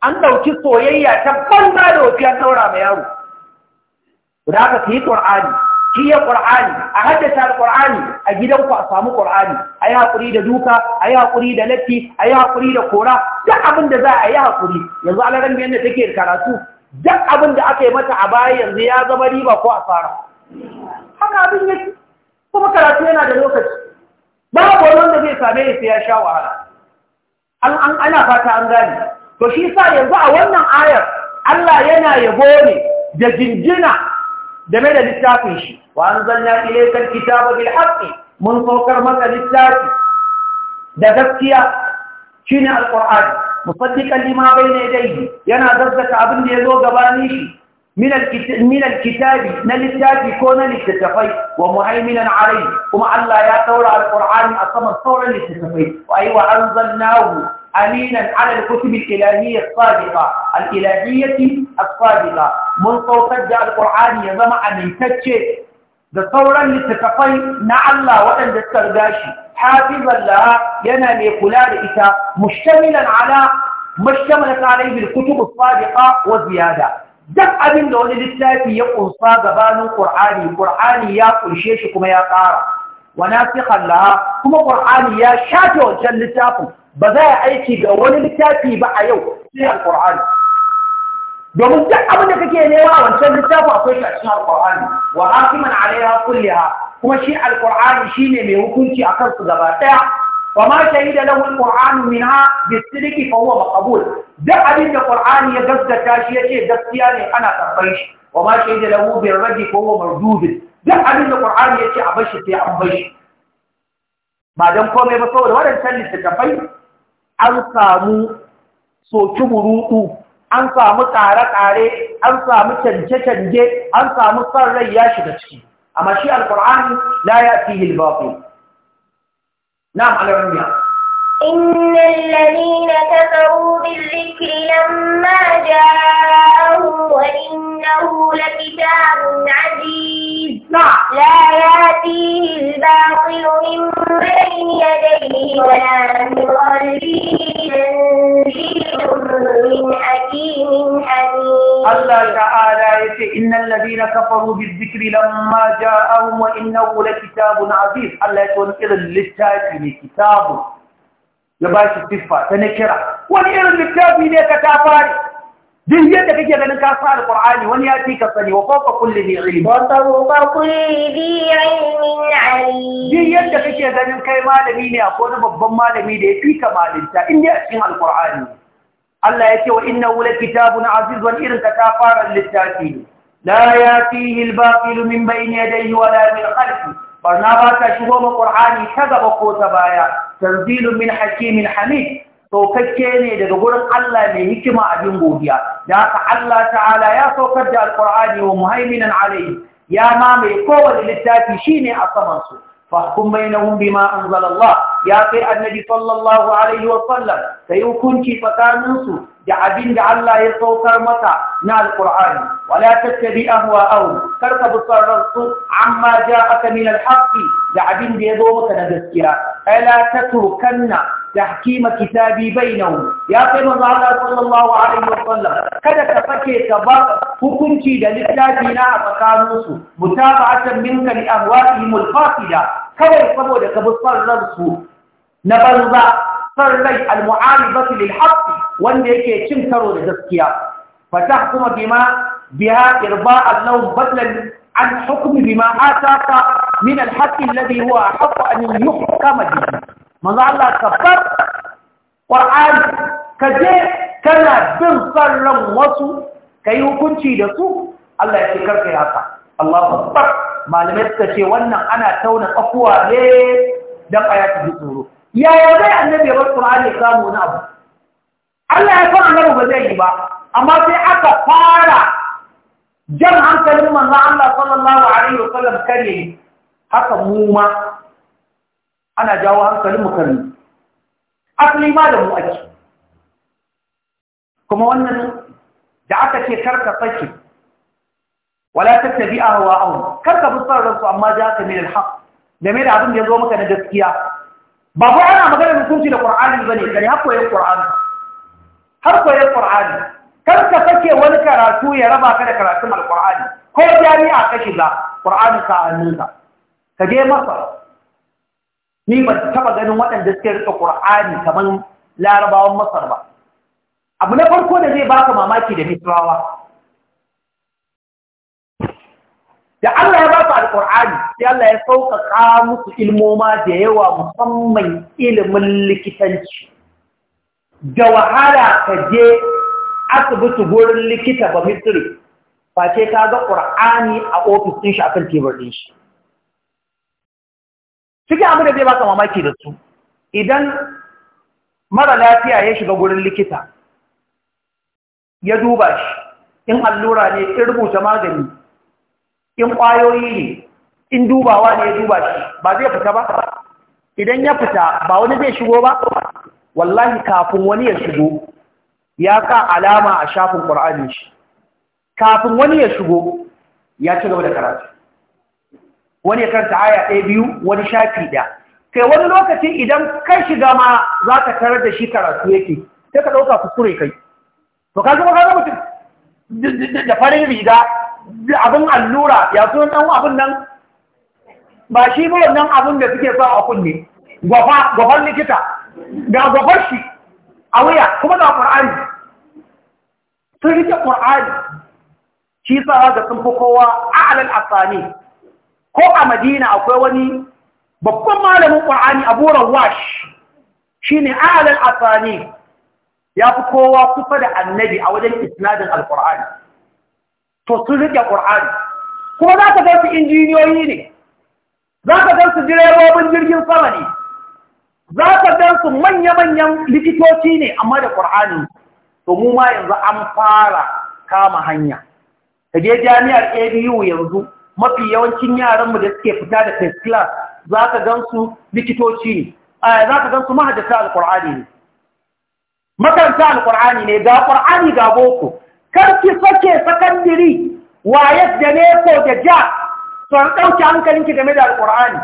an ɗauki soyayya ta banza da wafiyar ɗaura mai yaro da haka su yi ƙwar'ani shi ya ƙur'ani a haddasa ƙur'ani a gidanku a samu ƙur'ani a yi haƙuri da duka a yi haƙuri da latti a yi haƙuri da kora duk abin da za a yi haƙuri yanzu alaran yadda take karatu duk abin da aka yi mata a baya yanzu ya zama riba ko asara haka abin yake kuma karatu yana da lokaci babu wani wanda zai same shi ya sha wahala an ana fata an gane to shi sa yanzu a wannan ayar Allah yana yabo ne da jinjina Dame da littafin shi wa an zanna ilaikar kitabu bil mun saukar maka littafi da gaskiya shine alquran mufaddiqan lima bayna yadayhi yana zazzaka abin da ya zo gabani shi min alkitab min alkitabi na littafi ko na littattafai wa muhaiminan alayhi kuma Allah ya taura alquran a saman sauran littafai wa ayyuha anzalnahu أمينا على الكتب الإلهية الصادقة الإلهية الصادقة من صوتك القرآن يزمع من تتشي da sauran littattafai na Allah waɗanda suka riga shi hafizan laha yana mai kula da ita mushtamilan ala mushtamilan alaihi kutub sadiqa wa ziyada duk abin da wani littafi ya kunsa gabanin ƙur'ani. Ƙur'ani ya kunshe shi kuma ya ƙara wa nasikhan laha kuma ƙur'ani ya shafe wancan littafin ba za a aiki ga wani littafi ba a yau sai alqur'ani domin duk abin da kake nema wancan littafi akwai shi a cikin alqur'ani wa hakiman alaiha kulliha kuma shi alqur'ani shine mai hukunci akan su gaba daya wa ma shahida lahu alqur'anu minha bisidiki fa huwa maqbul duk abin da qur'ani ya gaskata shi yace gaskiya ne ana karɓar shi wa ma shahida lahu birradi fa huwa mardud duk abin da qur'ani yace a bar shi sai an bar shi ba dan komai ba saboda wadannan littattafai an samu soki burudu an samu ƙare-ƙare an samu canje-canje an samu son rai ya shiga ciki amma shi alƙur'ani la ya fi hilbafi na alarmiya إن الذين كفروا بالذكر لما جاءهم وإنه لكتاب عزيز نعم لا يأتيه الباطل من بين يديه ولا من خلفه تنزيل من حكيم حميد الله تعالى إن الذين كفروا بالذكر لما جاءهم وإنه لكتاب عزيز الله يقول إذا للتاكل كتاب ya ba shi siffa ta na kira wani irin littafi ne ka ta fari duk yadda kake ganin ka sa alqur'ani wani ya fi sani wa fawqa kulli dhi ilmi wa fawqa kulli dhi ilmin alim duk yadda kake ganin kai malami ne akwai wani babban malami da ya fi ka malinta in dai a cikin alqur'ani Allah ya ce wa innahu lakitabun aziz wani irin ka ta fara littafi ne la yatihi al-batil min bayni yadayhi wa la min khalfihi barna ba ta shigo ma ƙur'ani ta gaba ko ta baya tanzilun min hakimin hamid saukakke ne daga gurin Allah mai hikima abin godiya da haka Allah ta'ala ya saukar da Alƙur'ani wa muhaiminan alayhi ya mamaye kowane littafi shine a saman su fahkum bainahum bima anzala ya kai annabi sallallahu alaihi wa sallam sai hukunci tsakanin su da abin da Allah ya saukar mata na alƙur'ani wala tattabi ahwa'ahum kar ka bi son ransu amma ja'aka min alhaqi da abin da ya zo maka na gaskiya ala da tahkima kitabi bainahum ya kai manzo Allah sallallahu alaihi wa sallam kada ka fake ka ba hukunci da littafi na a tsakaninsu mutaba'atan minka li ahwa'ihim alfasida kawai saboda ka bi son na banza san rai al-mu'aribatu lil haqq wanda yake cin karo da gaskiya fa kuma bima biha irba' al-law badlan an hukmi bima ataka min al-haqq alladhi huwa haqq an yuhkama bihi manzo Allah kafar Qur'an kaje kana bin san ran wasu kai hukunci da su Allah ya ce karka haka Allahu akbar malamai suka ce wannan ana tauna kafuwa ne dan ayatu tsoro yaya zai annabi ya bar Qur'ani ya samu wani abu Allah ya san annabi ba zai yi ba amma sai aka fara jan hankalin manzo Allah sallallahu alaihi wa sallam kare haka mu ma ana jawo hankalin mu kare asali ma da mu ake kuma wannan da aka ce karka sake wala tattabi'a hawa'ahum karka bi son ransu amma ja ka min al-haq game da abin da ya zo maka na gaskiya ba ko ana maganar hukunci da Qur'ani bane kare har koyon Qur'ani har koyon Qur'ani kar ka sake wani karatu ya raba ka da karatun Al-Qur'ani ko jami'a ka ga Qur'ani ka hannunka ka je masa ni ba taɓa ganin waɗanda suke rika Qur'ani kamar larabawan Masar ba abu na farko da zai baka mamaki da Misrawa da Allah ya ba su alƙur'ani sai Allah ya sauƙaƙa musu ilmoma da yawa musamman ilimin likitanci da wahala ka je asibiti gurin likita ba ba ce ka ga ƙur'ani a ofis ɗin shi akan tebur ɗin shi cikin abu da zai baka mamaki da su idan mara lafiya ya shiga gurin likita ya duba shi in allura ne in rubuta magani in ƙwayoyi ne in dubawa ne ya duba shi ba zai fita ba idan ya fita ba wani zai shigo ba wallahi kafin wani ya shigo ya ka alama a shafin ƙur'anin shi kafin wani ya shigo ya ci gaba da karatu wani ya karanta aya ɗaya biyu wani shafi ɗaya kai wani lokaci idan kai shiga ma za ka tarar da shi karatu yake sai ka ɗauka kuskure kai to ka zama ka mutum da farin riga abin allura ya sunan ɗan abin nan ba shi ba wannan abin da suke sa a kunne gwafan likita ga gwafar shi a wuya kuma da ƙwar'ani sun rike ƙwar'ani shi sa da sun fi kowa a alal asani ko a madina akwai wani babban malamin a buran wash shi ne a alal asani ya fi kowa kusa da annabi a wajen isnadin alƙwar'ani to sun rike ƙur'ani kuma za ka ga su injiniyoyi ne za ka ga su direbobin jirgin sama ne za ka ga su manya-manyan likitoci ne amma da ƙur'ani to mu ma yanzu an fara kama hanya ka je jami'ar abu yanzu mafi yawancin yaranmu da suke fita da first class za ka ga su likitoci ne za ka ga su mahajjata kurani ne makaranta Al-Kur'ani ne ga ƙur'ani ga boko karki sake sakandiri wayar da neko da ja tsoron ɗauki hankalinki game da alƙur'ani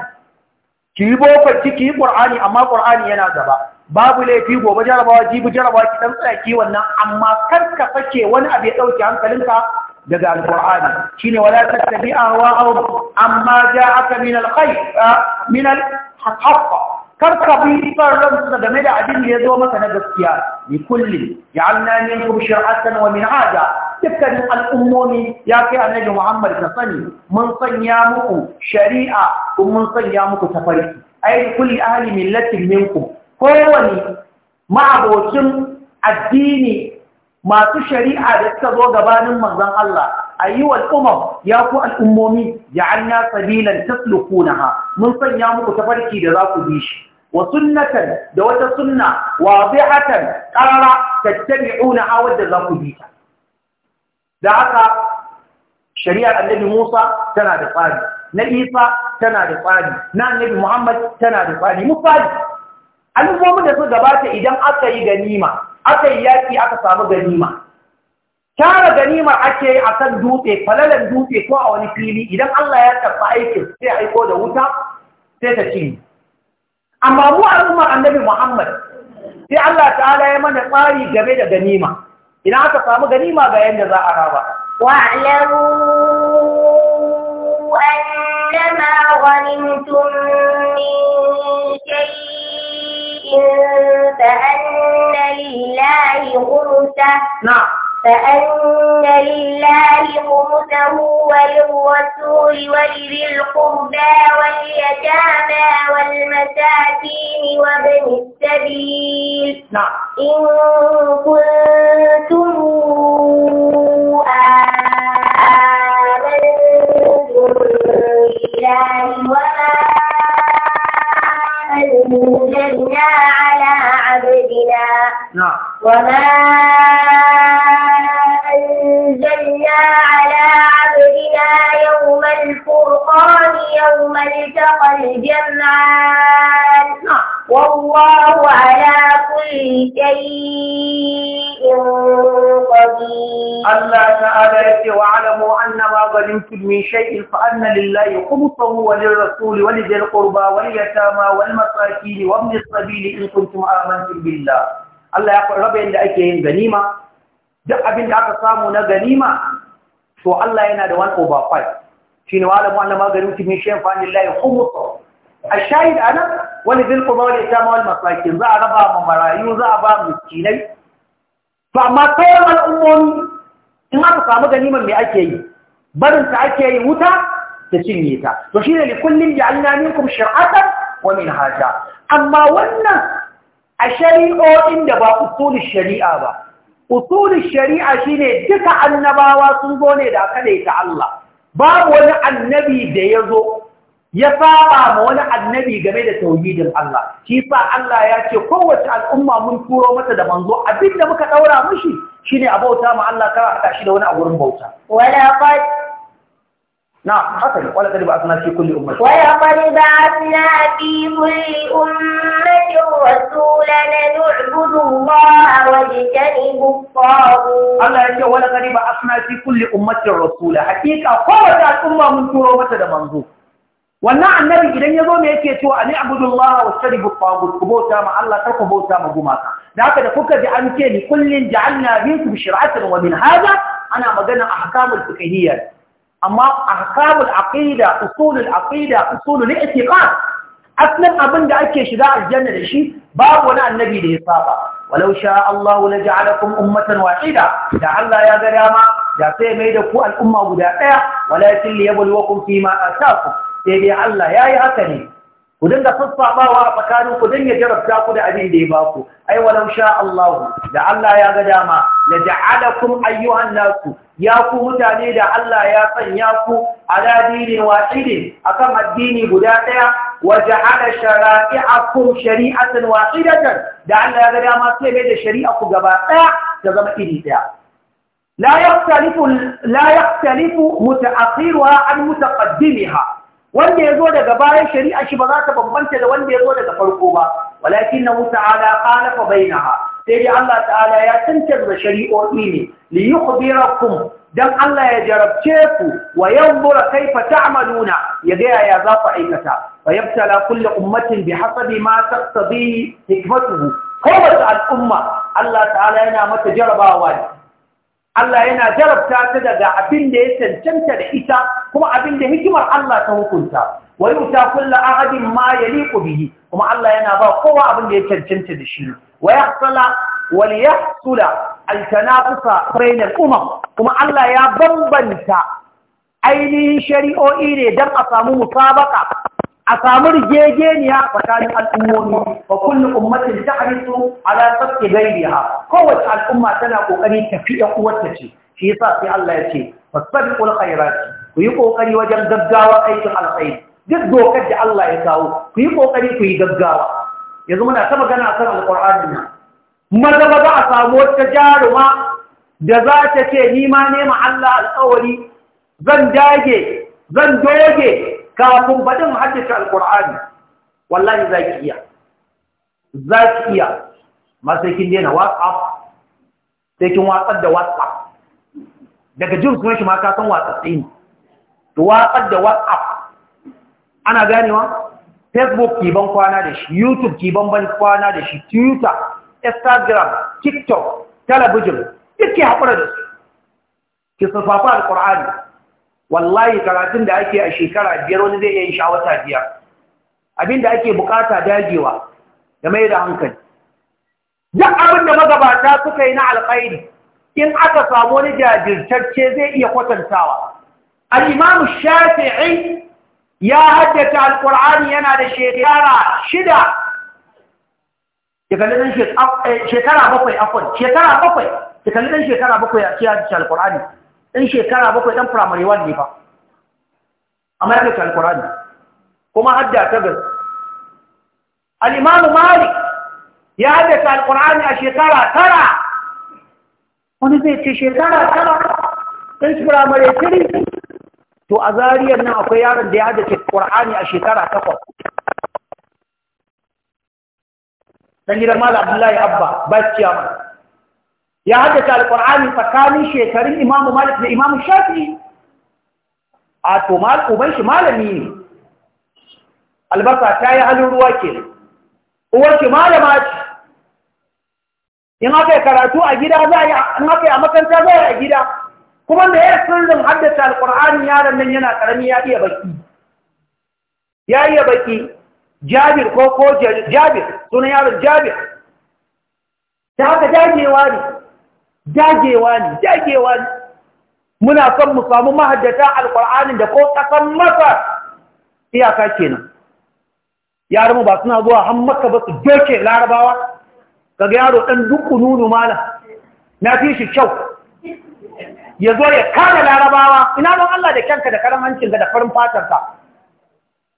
ki yi bofarci ki yi ƙur'ani amma ƙur'ani yana gaba babu laifi gobe jarabawa jibi jarabawa ki ɗan ki wannan amma kar ka sake wani abu ya ɗauki hankalinka daga alƙur'ani shine wala tattabi wa amma ja'aka min alkhayr min alhaqqa karka bi son ransu game da abin da ya zo masa na gaskiya li kulli ja'alna minkum shir'atan wa minhaja dukkanin al'ummomi ya kai annabi Muhammad ka sani mun sanya muku shari'a kuma mun sanya muku tafarki ai kulli ahli millatin minkum kowani ma'abocin addini masu shari'a da suka zo gabanin manzon Allah ayyuwal umam ya ku al'ummomi ja'alna sabilan taslukunaha mun sanya muku tafarki da za ku bi shi wa sunnatan da wata sunna wadihatan qarara tattabi'una ha wadda za ku bi da haka shari'ar annabi Musa tana da tsari na Isa tana da tsari na annabi Muhammad tana da tsari mu tsari al'ummomin da su gabata idan aka yi ganima aka yi yaƙi aka samu ganima tara ganimar ake yi a kan dutse falalan dutse ko a wani fili idan Allah ya karɓi aikin sai aiko da wuta sai ta cinye amma mu al'ummar annabi Muhammad sai Allah ta'ala ya mana tsari game da ganima ina aka samu ganima ga yadda za a raba alamu annama ghanimtum min shay'in fa anna lillahi khumsahu na'am فأن لله قمته وللرسول ولذي القربى واليتامى والمساكين وابن السبيل نعم إن كنتم آمنتم بالله وما أنزلنا على عبدنا نعم وما على عبدنا يوم الفرقان يوم التقى الجمعان والله على كل شيء قدير الله تعالى واعلموا أن ما ظلمتم من شيء فأن لله خمسه وللرسول ولذي القربى واليتامى والمساكين وابن السبيل إن كنتم آمنتم بالله Allah ya faɗi rabayin da ake yin ganima, duk abin da aka samu na ganima to Allah yana da 1 over 5 shine wa alamu anna magarin min shay'in fa lillahi khumsu ashahid ana wani zil qurba wal yatama masakin za a raba ma marayu za a ba miskinai to amma sauran al'ummomi in aka samu ganimar me ake yi barin ta ake yi wuta ta cinye ta to shine li kullin ja'alna minkum shir'atan wa minhaja amma wannan a shari'o'in da ba usulul shari'a ba usulul shari'a shine duka annabawa sun zo ne da aka ta Allah babu wani annabi da ya zo ya saba ma wani annabi game da tauhidin Allah shi sa Allah ya ce kowace al'umma mun turo mata da manzo abinda muka daura mushi shine abauta ma Allah kar a tashi da wani a gurin bauta wala qad نعم حسن ولا تريد أن في كل أمة ولقد بعثنا في كل أمة رسولا نعبد الله ونجتنب الطاغوت الله يجي ولقد بعثنا في كل أمة رسولا حقيقة فوجع الأمة من كل أمة منظور ونعم النبي إذا يقول لك أن يعبد الله واجتنب الطاغوت كبوتا مع الله كبوتا مع جماعه لكن فكر بأمكان كل جعلنا منكم شرعة ومن هذا أنا مدن أحكام الفقهية amma ahkamul aqida usulul aqida usulul i'tiqad aslan abin da ake shiga aljanna da shi babu wani annabi da ya saba walau sha Allah la ja'alakum ummatan wahida da Allah ya ga dama da sai mai da ku al'umma guda daya walakin liyabluwakum fima ataakum sai dai Allah yayi haka ne ku dinga sassabawa a tsakanin ku ya jarabta ku da abin da ya ba ku ai walau sha Allah da Allah ya ga dama la ja'alakum ayyuhan nasu ya ku mutane da Allah ya sanya ku ala dini wahidi akan addini guda daya wa ja'ala shara'i'akum shari'atan wahidatan da Allah ya ga dama sai mai da shari'a ku gaba daya ta zama iri daya la yaktalifu la yaktalifu mutaakhiruha an mutaqaddimiha wanda yazo daga bayan shari'a shi ba za ta bambanta da wanda yazo daga farko ba na ta'ala khalafa bainaha sai Allah ta'ala ya da shari'o'i ne li yukhbirakum dan Allah ya jarabce ku wa yanzura kaifa ta'maluna ya ga yaya za ku aikata Wayabtala yabtala kullu ummatin bihasabi ma taqtadi hikmatuhu kowace al'umma Allah ta'ala yana mata jarabawa ne Allah yana jarabta ta daga abin da ya cancanta da ita kuma abin da hikimar Allah ta hukunta wa ta kulla ahadin ma yaliqu bihi kuma Allah yana ba kowa abin da ya cancanta da shi wa yahsala wal yahsula al tanafusa bainal umam kuma Allah ya bambanta ainihin shari'o'i ne dan a samu musabaka a samu rigegeniya tsakanin al'ummomi wa kullum ummatin ta harisu ala tsakki gairiya kowace al'umma tana kokari tafi yan uwarta ce shi yasa sai Allah ya ce fasabiqul khairati ku yi kokari wajen gaggawa aikin alkhairi duk dokar da Allah ya kawo ku yi kokari ku yi gaggawa yanzu muna ta magana kan Alƙur'ani na maza ba za a samu wata jaruma da za ta ce ni ma nema Allah alƙawari zan dage zan doge kafin baɗin haddace alqur'ani wallahi za ki iya za ki iya ma sai kin daina whatsapp sai kin watsar da whatsapp daga jin sunan shi ma ka san watsatsi ne to watsar da whatsapp ana ganewa facebook ki ban kwana da shi youtube ki ban kwana da shi twitter instagram tiktok talabijin duk ki haƙura da su ki sufafa alƙur'ani wallahi karatun da ake a shekara biyar wani zai iya yin shawata biyar abin da ake bukata dagewa da mai da hankali duk abin da magabata suka yi na alƙairi in aka samu wani jajirtacce zai iya kwatantawa al'imamu shafi'i ya haddata alkur'ani yana da shekara shida eh, shekara bakwai afon shekara bakwai ta kalli shekara bakwai a cikin haddata alkur'ani ɗan shekara bakwai ɗan firamare wani ne ba amma ya haddata alkur'ani kuma haddata ga al'imamu malik ya haddata alkur'ani a shekara tara wani zai ce shekara tara ɗan firamare tiri to a zariyar nan akwai yaron da ya haddace Qur'ani a shekara takwas dan gidan Malam Abdullahi Abba Bakiya ya haddace Al-Qur'ani tsakanin shekarun Imam Malik da Imam Shafi'i a to mal uban shi malami ne albasa ta yi halin ruwa ke uwar shi malama ce in aka yi karatu a gida za a yi in aka yi a makaranta za a yi a gida kuma da ya sirrin haddace alqur'ani yaron nan yana ƙarami ya iya baki ya iya baƙi jabir ko ko jabir sunan yaron jabir ta haka dagewa ne dagewa ne dagewa ne muna son mu samu mahaddata Alƙur'ani da ko ƙasan masa iyaka kenan yaran mu ba suna zuwa har maka ba su doke larabawa kaga yaro ɗan duk nunu mala na fi shi kyau ya zo ya kare larabawa ina don Allah da kyanka da karan hancin da farin fatarka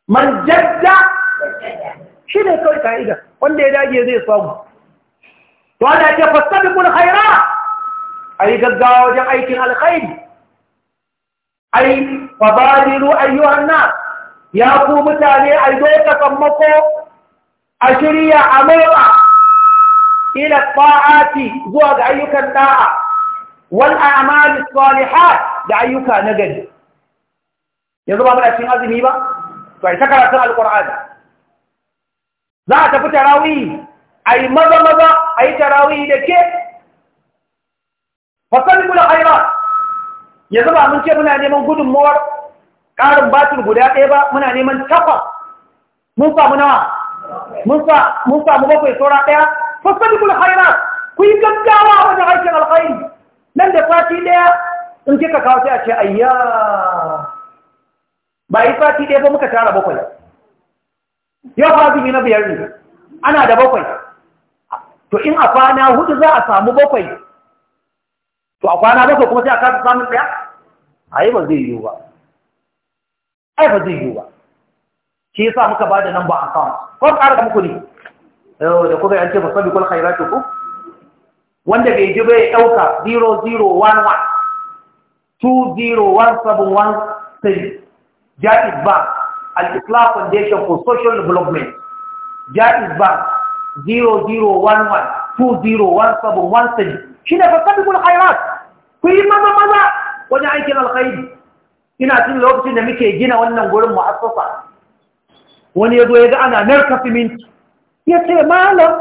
man jadda shi ne kawai ka'ida wanda ya dage zai samu to ana ce fastabiqul khaira ai gaggawa wajen aikin alkhairi ai fabadiru ayyuhan nas ya ku mutane ai zo ka sammako a shirya a motsa ila ta'ati zuwa ga ayyukan da'a wal a'mal salihat da ayyuka na gari yanzu ba muna cikin azumi ba to ai ta karatun alqur'ani za a tafi tarawiyi a yi maza maza a yi tarawiyi da ke fasalmu da haira. yanzu ba mun ce muna neman gudunmuwar ƙarin batir guda ɗaya ba muna neman takwas mun samu nawa mun samu bakwai saura ɗaya fasalmu da haira. ku yi gaggawa wajen aikin alkhairi nan da fati daya in kika kawo sai a ce ayya ba yi fati daya ba muka tara bakwai yau hazumi na biyar ne ana da bakwai to in a kwana hudu za a samu bakwai to a kwana bakwai kuma sai a kasa samun daya a yi ba zai yiwu ba ai ba zai yiwu ba ke yasa muka ba da nan ba a kawo ko ƙara da muku ne da kuma yanke ba sabi kul ku wanda bai ji bai dauka 0011 Jaiz ba Al-Islam Foundation for Social Development Jaiz Bank 0011 shi ne fasabikul khairat ku yi mama maza wajen aikin alkhairi ina tun lokacin da muke gina wannan gurin mu'assasa wani yazo yaga ana narka siminti ya ce malam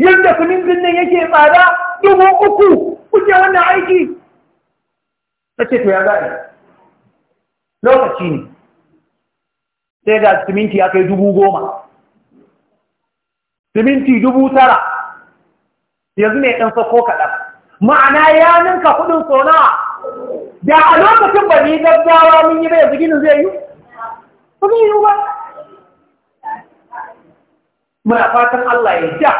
yadda kunin nan yake tsada dubu uku kuke wannan aiki ta ce to ya zaɓi lokaci ne sai ga siminti ya kai dubu goma siminti dubu tara yanzu ne ɗan sako kaɗan ma'ana ya ninka kuɗin tsona. da a lokacin ba ni gaggawa mun yi bai yanzu ginin zai yi ba zai yi ba muna fatan Allah ya ja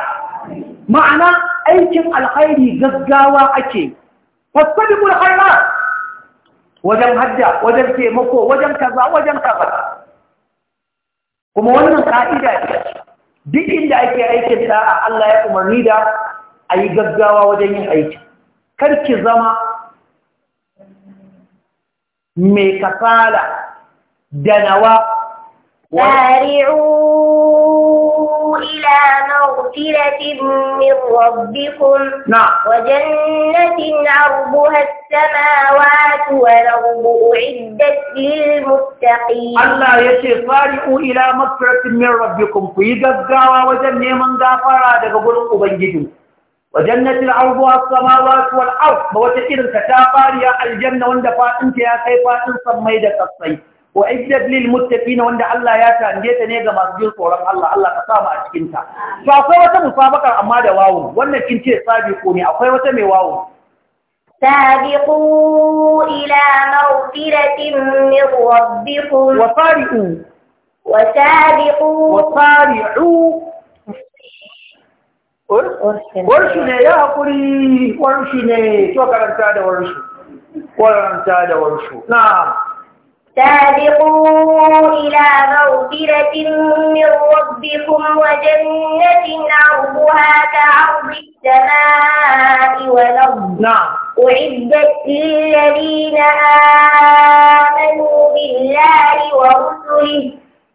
ma'ana aikin alkhairi gaggawa ake fasabiqul haira! wajen hajja wajen taimako wajen kaza wajen kaza kuma wannan ka'ida ce duk inda ake aikin da'a Allah ya umarni da a yi gaggawa wajen yin aiki ki zama mai kasala da nawa wari'u إلى مغفرة من ربكم نعم وجنة عرضها السماوات والأرض أعدت للمتقين الله شيخ فارقوا إلى مغفرة من ربكم في قبقاوة وجنة من غافرة دقبل أبنجدون وجنة العرض السماوات والأرض بوتكير كتاقاريا الجنة وندفاء انت يا كيفاء انصب ميدك الصيف wa iddat lil muttaqina wanda Allah ya tange ta ne ga masu jin tsoron Allah Allah ka samu a cikin ta to akwai wata musabakar amma da wawu wannan kin ce sabiqu ne akwai wata mai wawu سابقوا إلى Wa من Wa وصارعوا Wa وصارعوا warshi ne ya haƙuri warshi ne to karanta da warshi karanta da warshi na'am سابقوا إلى مغفرة من ربكم وجنة عرضها كعرض السماء والأرض نعم أعدت للذين آمنوا بالله ورسله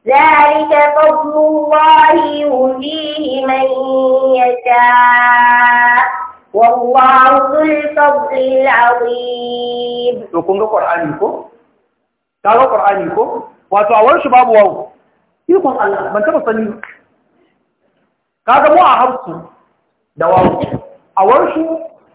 ذلك فضل الله يؤتيه من يشاء والله ذو الفضل العظيم. قرآن ta ga ƙur'ani ko wato a wani shi babu wawo ikon Allah ban taɓa sani ka ga mu a harsu da wawo a wani shi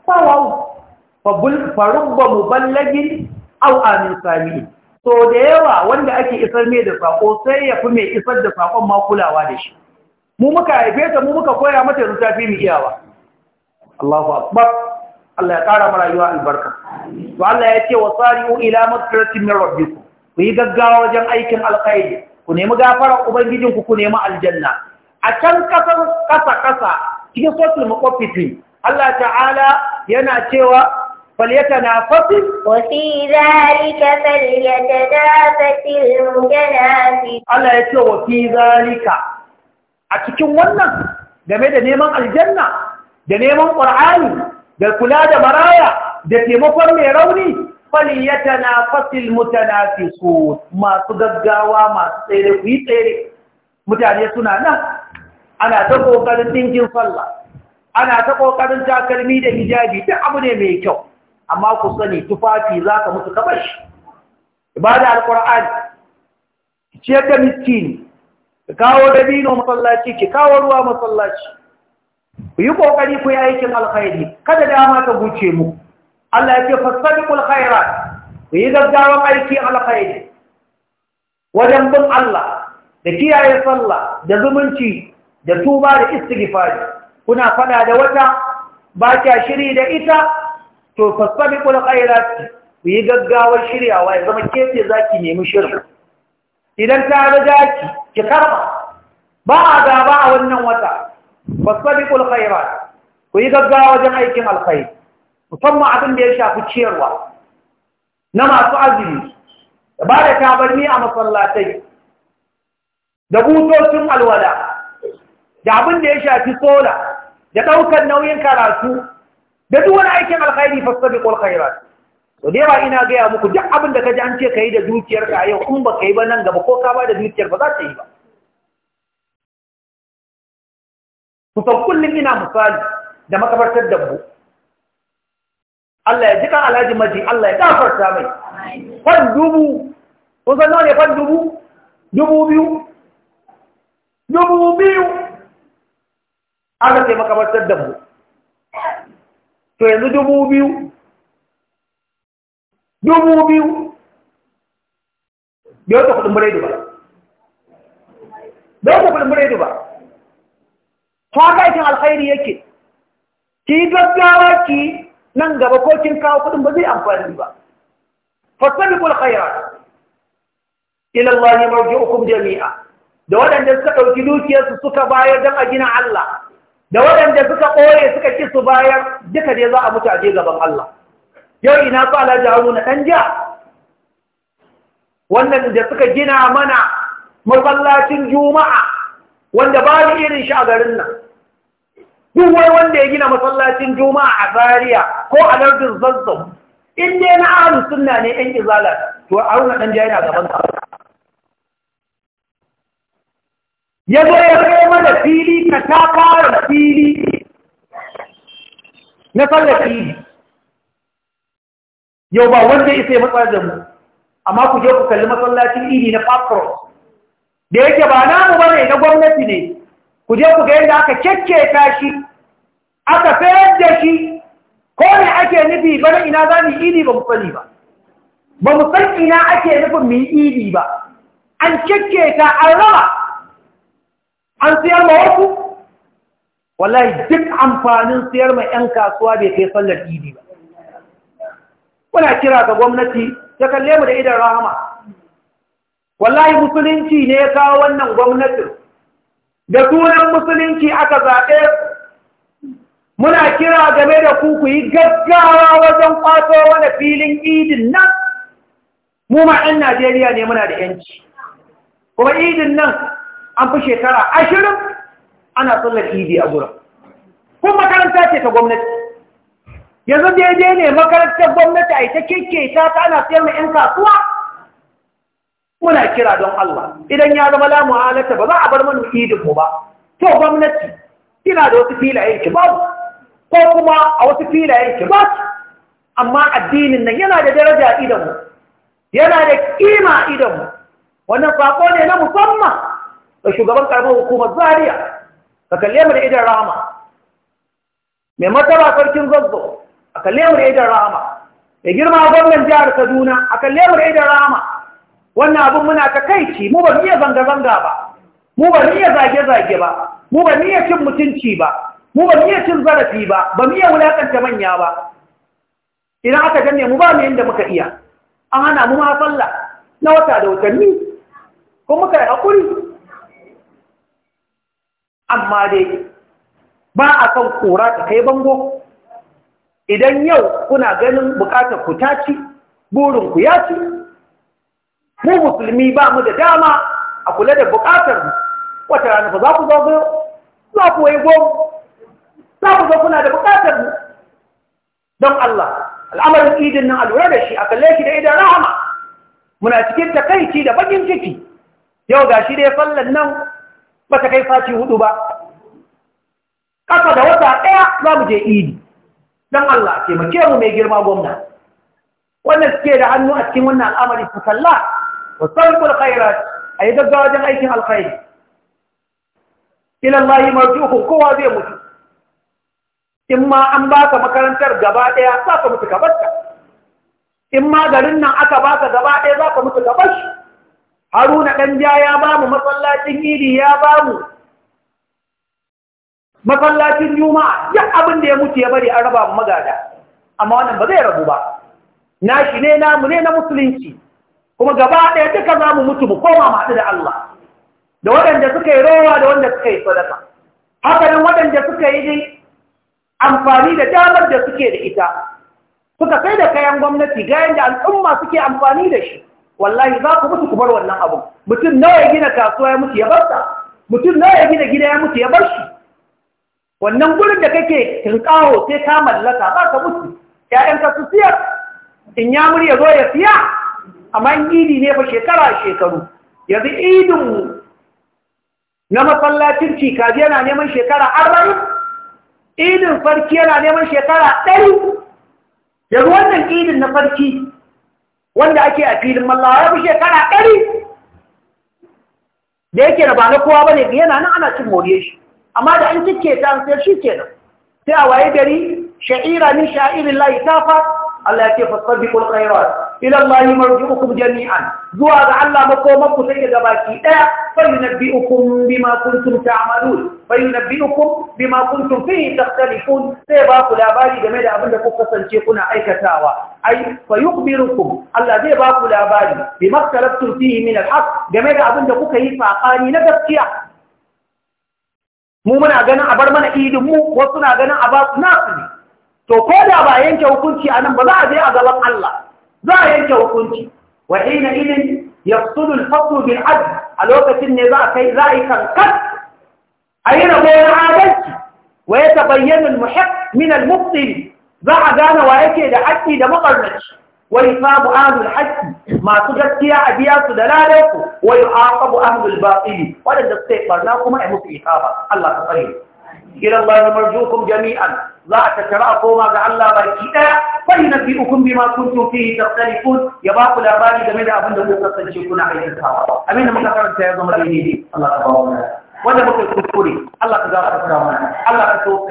ba wawo farin ba mu ballagin au amin sami so da yawa wanda ake isar mai da sako sai ya fi mai isar da sakon makulawa da shi mu muka haife ta mu muka koya mata yanzu tafi mu iyawa Allahu akbar Allah ya kara mara rayuwa albarka to Allah ya ce wasari'u ila maghfiratin min rabbikum ku yi gaggawa wajen aikin alkhairi ku nemi gafarar ubangijin ku ku nemi aljanna a can kasar kasa kasa cikin sotul muqaffitin Allah ta'ala yana cewa na فليتنافسوا وفي ذلك فليتنافس المتنافسون Allah ya ce wa fi zalika a cikin wannan game da neman aljanna da neman qur'ani da kula da maraya da taimakon mai rauni falyatanafasil su masu gaggawa masu tsere ku yi tsere mutane suna nan ana ta ƙoƙarin ɗinkin sallah ana ta ƙoƙarin takalmi da hijabi duk abu ne mai kyau amma ku sani tufafi za ka mutu ka shi ibada alqur'ani ciyar da ne. ka kawo dabino masallaci ki kawo ruwa masallaci ku yi ƙoƙari ku yi aikin alkhairi kada dama ta guce muku Allah ya ce fasabiqul khairat ku yi gaggawan aiki alkhairi wajen bin Allah da kiyaye sallah da zumunci da tuba da istighfari kuna fada da wata ba kya shiri da ita to fasabiqul khairat ku yi gaggawar shiryawa ya zama kece zaki nemi shirin idan ta riga ki ki karba ba a gaba a wannan wata fasabiqul khairat ku yi gaggawa wajen aikin alkhairi musamman abin da ya shafi ciyarwa na masu azumi da ba da tabarni a masallatai da butocin alwala da abin da ya shafi sola da ɗaukar nauyin karatu da duk aikin alkhairi fasabi kol khairat to dai ba ina gaya muku duk abin da kaji an ce ka yi da dukiyarka a yau in ba ka yi ba nan gaba ko ka ba da dukiyar ba za ta yi ba kusan kullum ina misali da makabartar dabbo Allah ya jika alhaji maji Allah ya gafarta mai fan dubu kun san nawa ne fan dubu dubu biyu dubu biyu aka ce makabartar da mu to yanzu dubu biyu dubu biyu yau ta kudin biredi ba yau ta kudin biredi ba ta aikin alkhairi yake ki gaggawa ki nan gaba ko kin kawo kuɗin ba zai amfani ba fasabiqul khairat ila Allah marji'ukum jami'a da waɗanda suka ɗauki dukiyarsu suka bayar don a gina Allah da waɗanda suka ɓoye suka ki su bayar duka dai za a mutu a je gaban Allah yau ina fa Alhaji Haruna ɗan ja wannan da suka gina mana masallacin Juma'a wanda babu irin shi a garin nan duk wai wanda ya gina masallacin juma'a a Zariya ko a lardin zazzau in dai na ahlus sunna ne yan izala to Haruna dan jayi gaban ka ya zo ya kai mana fili ka ta fara fili na sallar fili yau ba wanda isa ya matsa da mu amma ku je ku kalli masallacin idi na fakro da yake ba namu ba ne na gwamnati ne ku je ku ga yadda aka kyakketa shi aka sayar da shi ko ne ake nufi bana ina za mu idi ba mu sani ba ba mu san ina ake nufin mu idi ba an ta an raba an siyar ma wasu wallahi duk amfanin siyar ma 'yan kasuwa bai kai sallar idi ba muna kira ga gwamnati ta kalle mu da idan rahama wallahi musulunci ne ya kawo wannan gwamnatin da sunan musulunci aka zaɓe muna kira game da ku ku yi gaggawa wajen kwato mana filin idin nan mu ma ɗan Najeriya ne muna da ‘yanci kuma idin nan an fi shekara ashirin ana tsallar idi a gura kun makaranta ce ta gwamnati yanzu daidai ne makarantar gwamnati a ita keke ta ana sayar ma ‘yan kasuwa muna kira don Allah idan ya zama lamu halatta ba za a bar mana idin ba to gwamnati kina da wasu filayen ki babu ko kuma a wasu filayen kirbat amma addinin nan yana da daraja idanmu yana da kima idanmu wannan sako ne na musamman ga shugaban karamar hukumar zaria ka kalle mu da idan rama mai mataba sarkin zazzo a kalle mu da idan rama mai girma gwamnan jihar kaduna a kalle mu da idan rama wannan abin muna ta kaici mu ba iya zanga-zanga ba mu ba iya zage-zage ba mu ba iya cin mutunci ba mu ba iya cin zarafi ba ba iya wulakanta manya ba idan aka danne mu ba mu yanda muka iya an hana mu masalla na wata da watanni ko muka yi hakuri amma dai ba a kan kora ta kai bango idan yau kuna ganin bukatar ku ta burin ku ya ci mu musulmi ba mu da dama a kula da bukatar wata rana fa za ku zo za ku wai goma za ku zo kuna da buƙatar mu don Allah al'amarin idin nan alura da shi a kalle shi da idan rahama muna cikin takaici da bakin ciki yau ga shi dai sallan nan ba ta kai faci hudu ba Kasa da wata ɗaya za mu je idi don Allah taimake mu mai girma gwamna wannan suke da hannu a cikin wannan al'amari su salla wa sarkul khairat a yi gaggawa wajen aikin alkhairi ilan lahi kowa zai mutu in ma an ba ka makarantar gaba ɗaya za ka mutu ka in ma garin nan aka ka gaba ɗaya za ka mutu gabar shi haruna ɗan ja ya ba mu masallacin iri ya ba mu masallacin juma'a duk abin da ya mutu ya bari an raba mu magada amma wannan ba zai rabu ba na shi ne namu ne na musulunci kuma gaba ɗaya duka za mu mutu mu koma masu da Allah da waɗanda suka yi rowa da wanda suka yi sadaka haka nan waɗanda suka yi amfani da damar da suke da ita suka kai da kayan gwamnati ga yadda al'umma suke amfani da shi wallahi za ku mutu ku wannan abu mutum nawa ya gina kasuwa ya mutu ya bar sa mutum nawa ya gina gida ya mutu ya bar shi wannan gurin da kake tinkawo sai ka mallaka ba ka mutu Ya'yan ka su siyar in ya murya zo ya siya amma in idi ne fa shekara shekaru yanzu idin na masallacin cikaji yana neman shekara arba'in idin farki yana neman shekara ɗari yanzu wannan idin na farki wanda ake a filin mallawa ya fi shekara ɗari da yake da ba na kowa ba ne yana nan ana cin moriye shi amma da an cike ta sai shi ke nan sai a waye gari sha'ira min sha'irin layi ta fa Allah ya ce fasfabi kul khairat ila Allah marji'ukum jami'an zuwa ga Allah makomanku take gabaki daya fa yunabbi'ukum bima kuntum ta'malun fa yunabbi'ukum bima kuntum fihi takhtalifun sai ba ku labari game da abin da kuka kasance kuna aikatawa ai fa yukhbirukum Allah zai ba ku labari bima khtalaftum fihi min al-haq game da abin da kuka yi fakani na gaskiya mu muna ganin a bar mana idin mu wasu na ganin a ba su nasu ne to ko da ba yanke hukunci a nan ba za a je a gaban Allah za a yanke hukunci wa hina idin yaqsudu al-fasl bil a lokacin ne za a kai za a yi kankan a yi rabo na adalci wa yatabayyana al-muhiq min al za a gane wa yake da haƙƙi da mabarnaci wa yusabu ahlul haqqi masu gaskiya a biya su da ladarku wa yuqabu ahlul batil wadanda suka barna kuma ai musu iqaba Allah ta tsare إلى الله مرجوكم جميعا لا تتراكوا وما قال الله بالكتاب فلنبئكم بما كنتم فيه تختلفون يباق الأبان إذا ماذا أبن دمو تستشكون عليه السلام أمين من كثرة سيد عمر الله تبارك وتعالى وجبك الكفوري الله تبارك وتعالى الله تسوق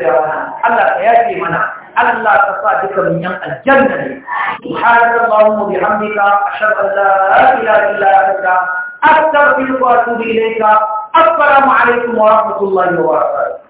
الله تياتي منا على الله تصادق من يوم الجنة سبحانك الله بحمدك أشهد أن لا إله إلا أنت أستغفرك وأتوب إليك السلام عليكم ورحمة الله وبركاته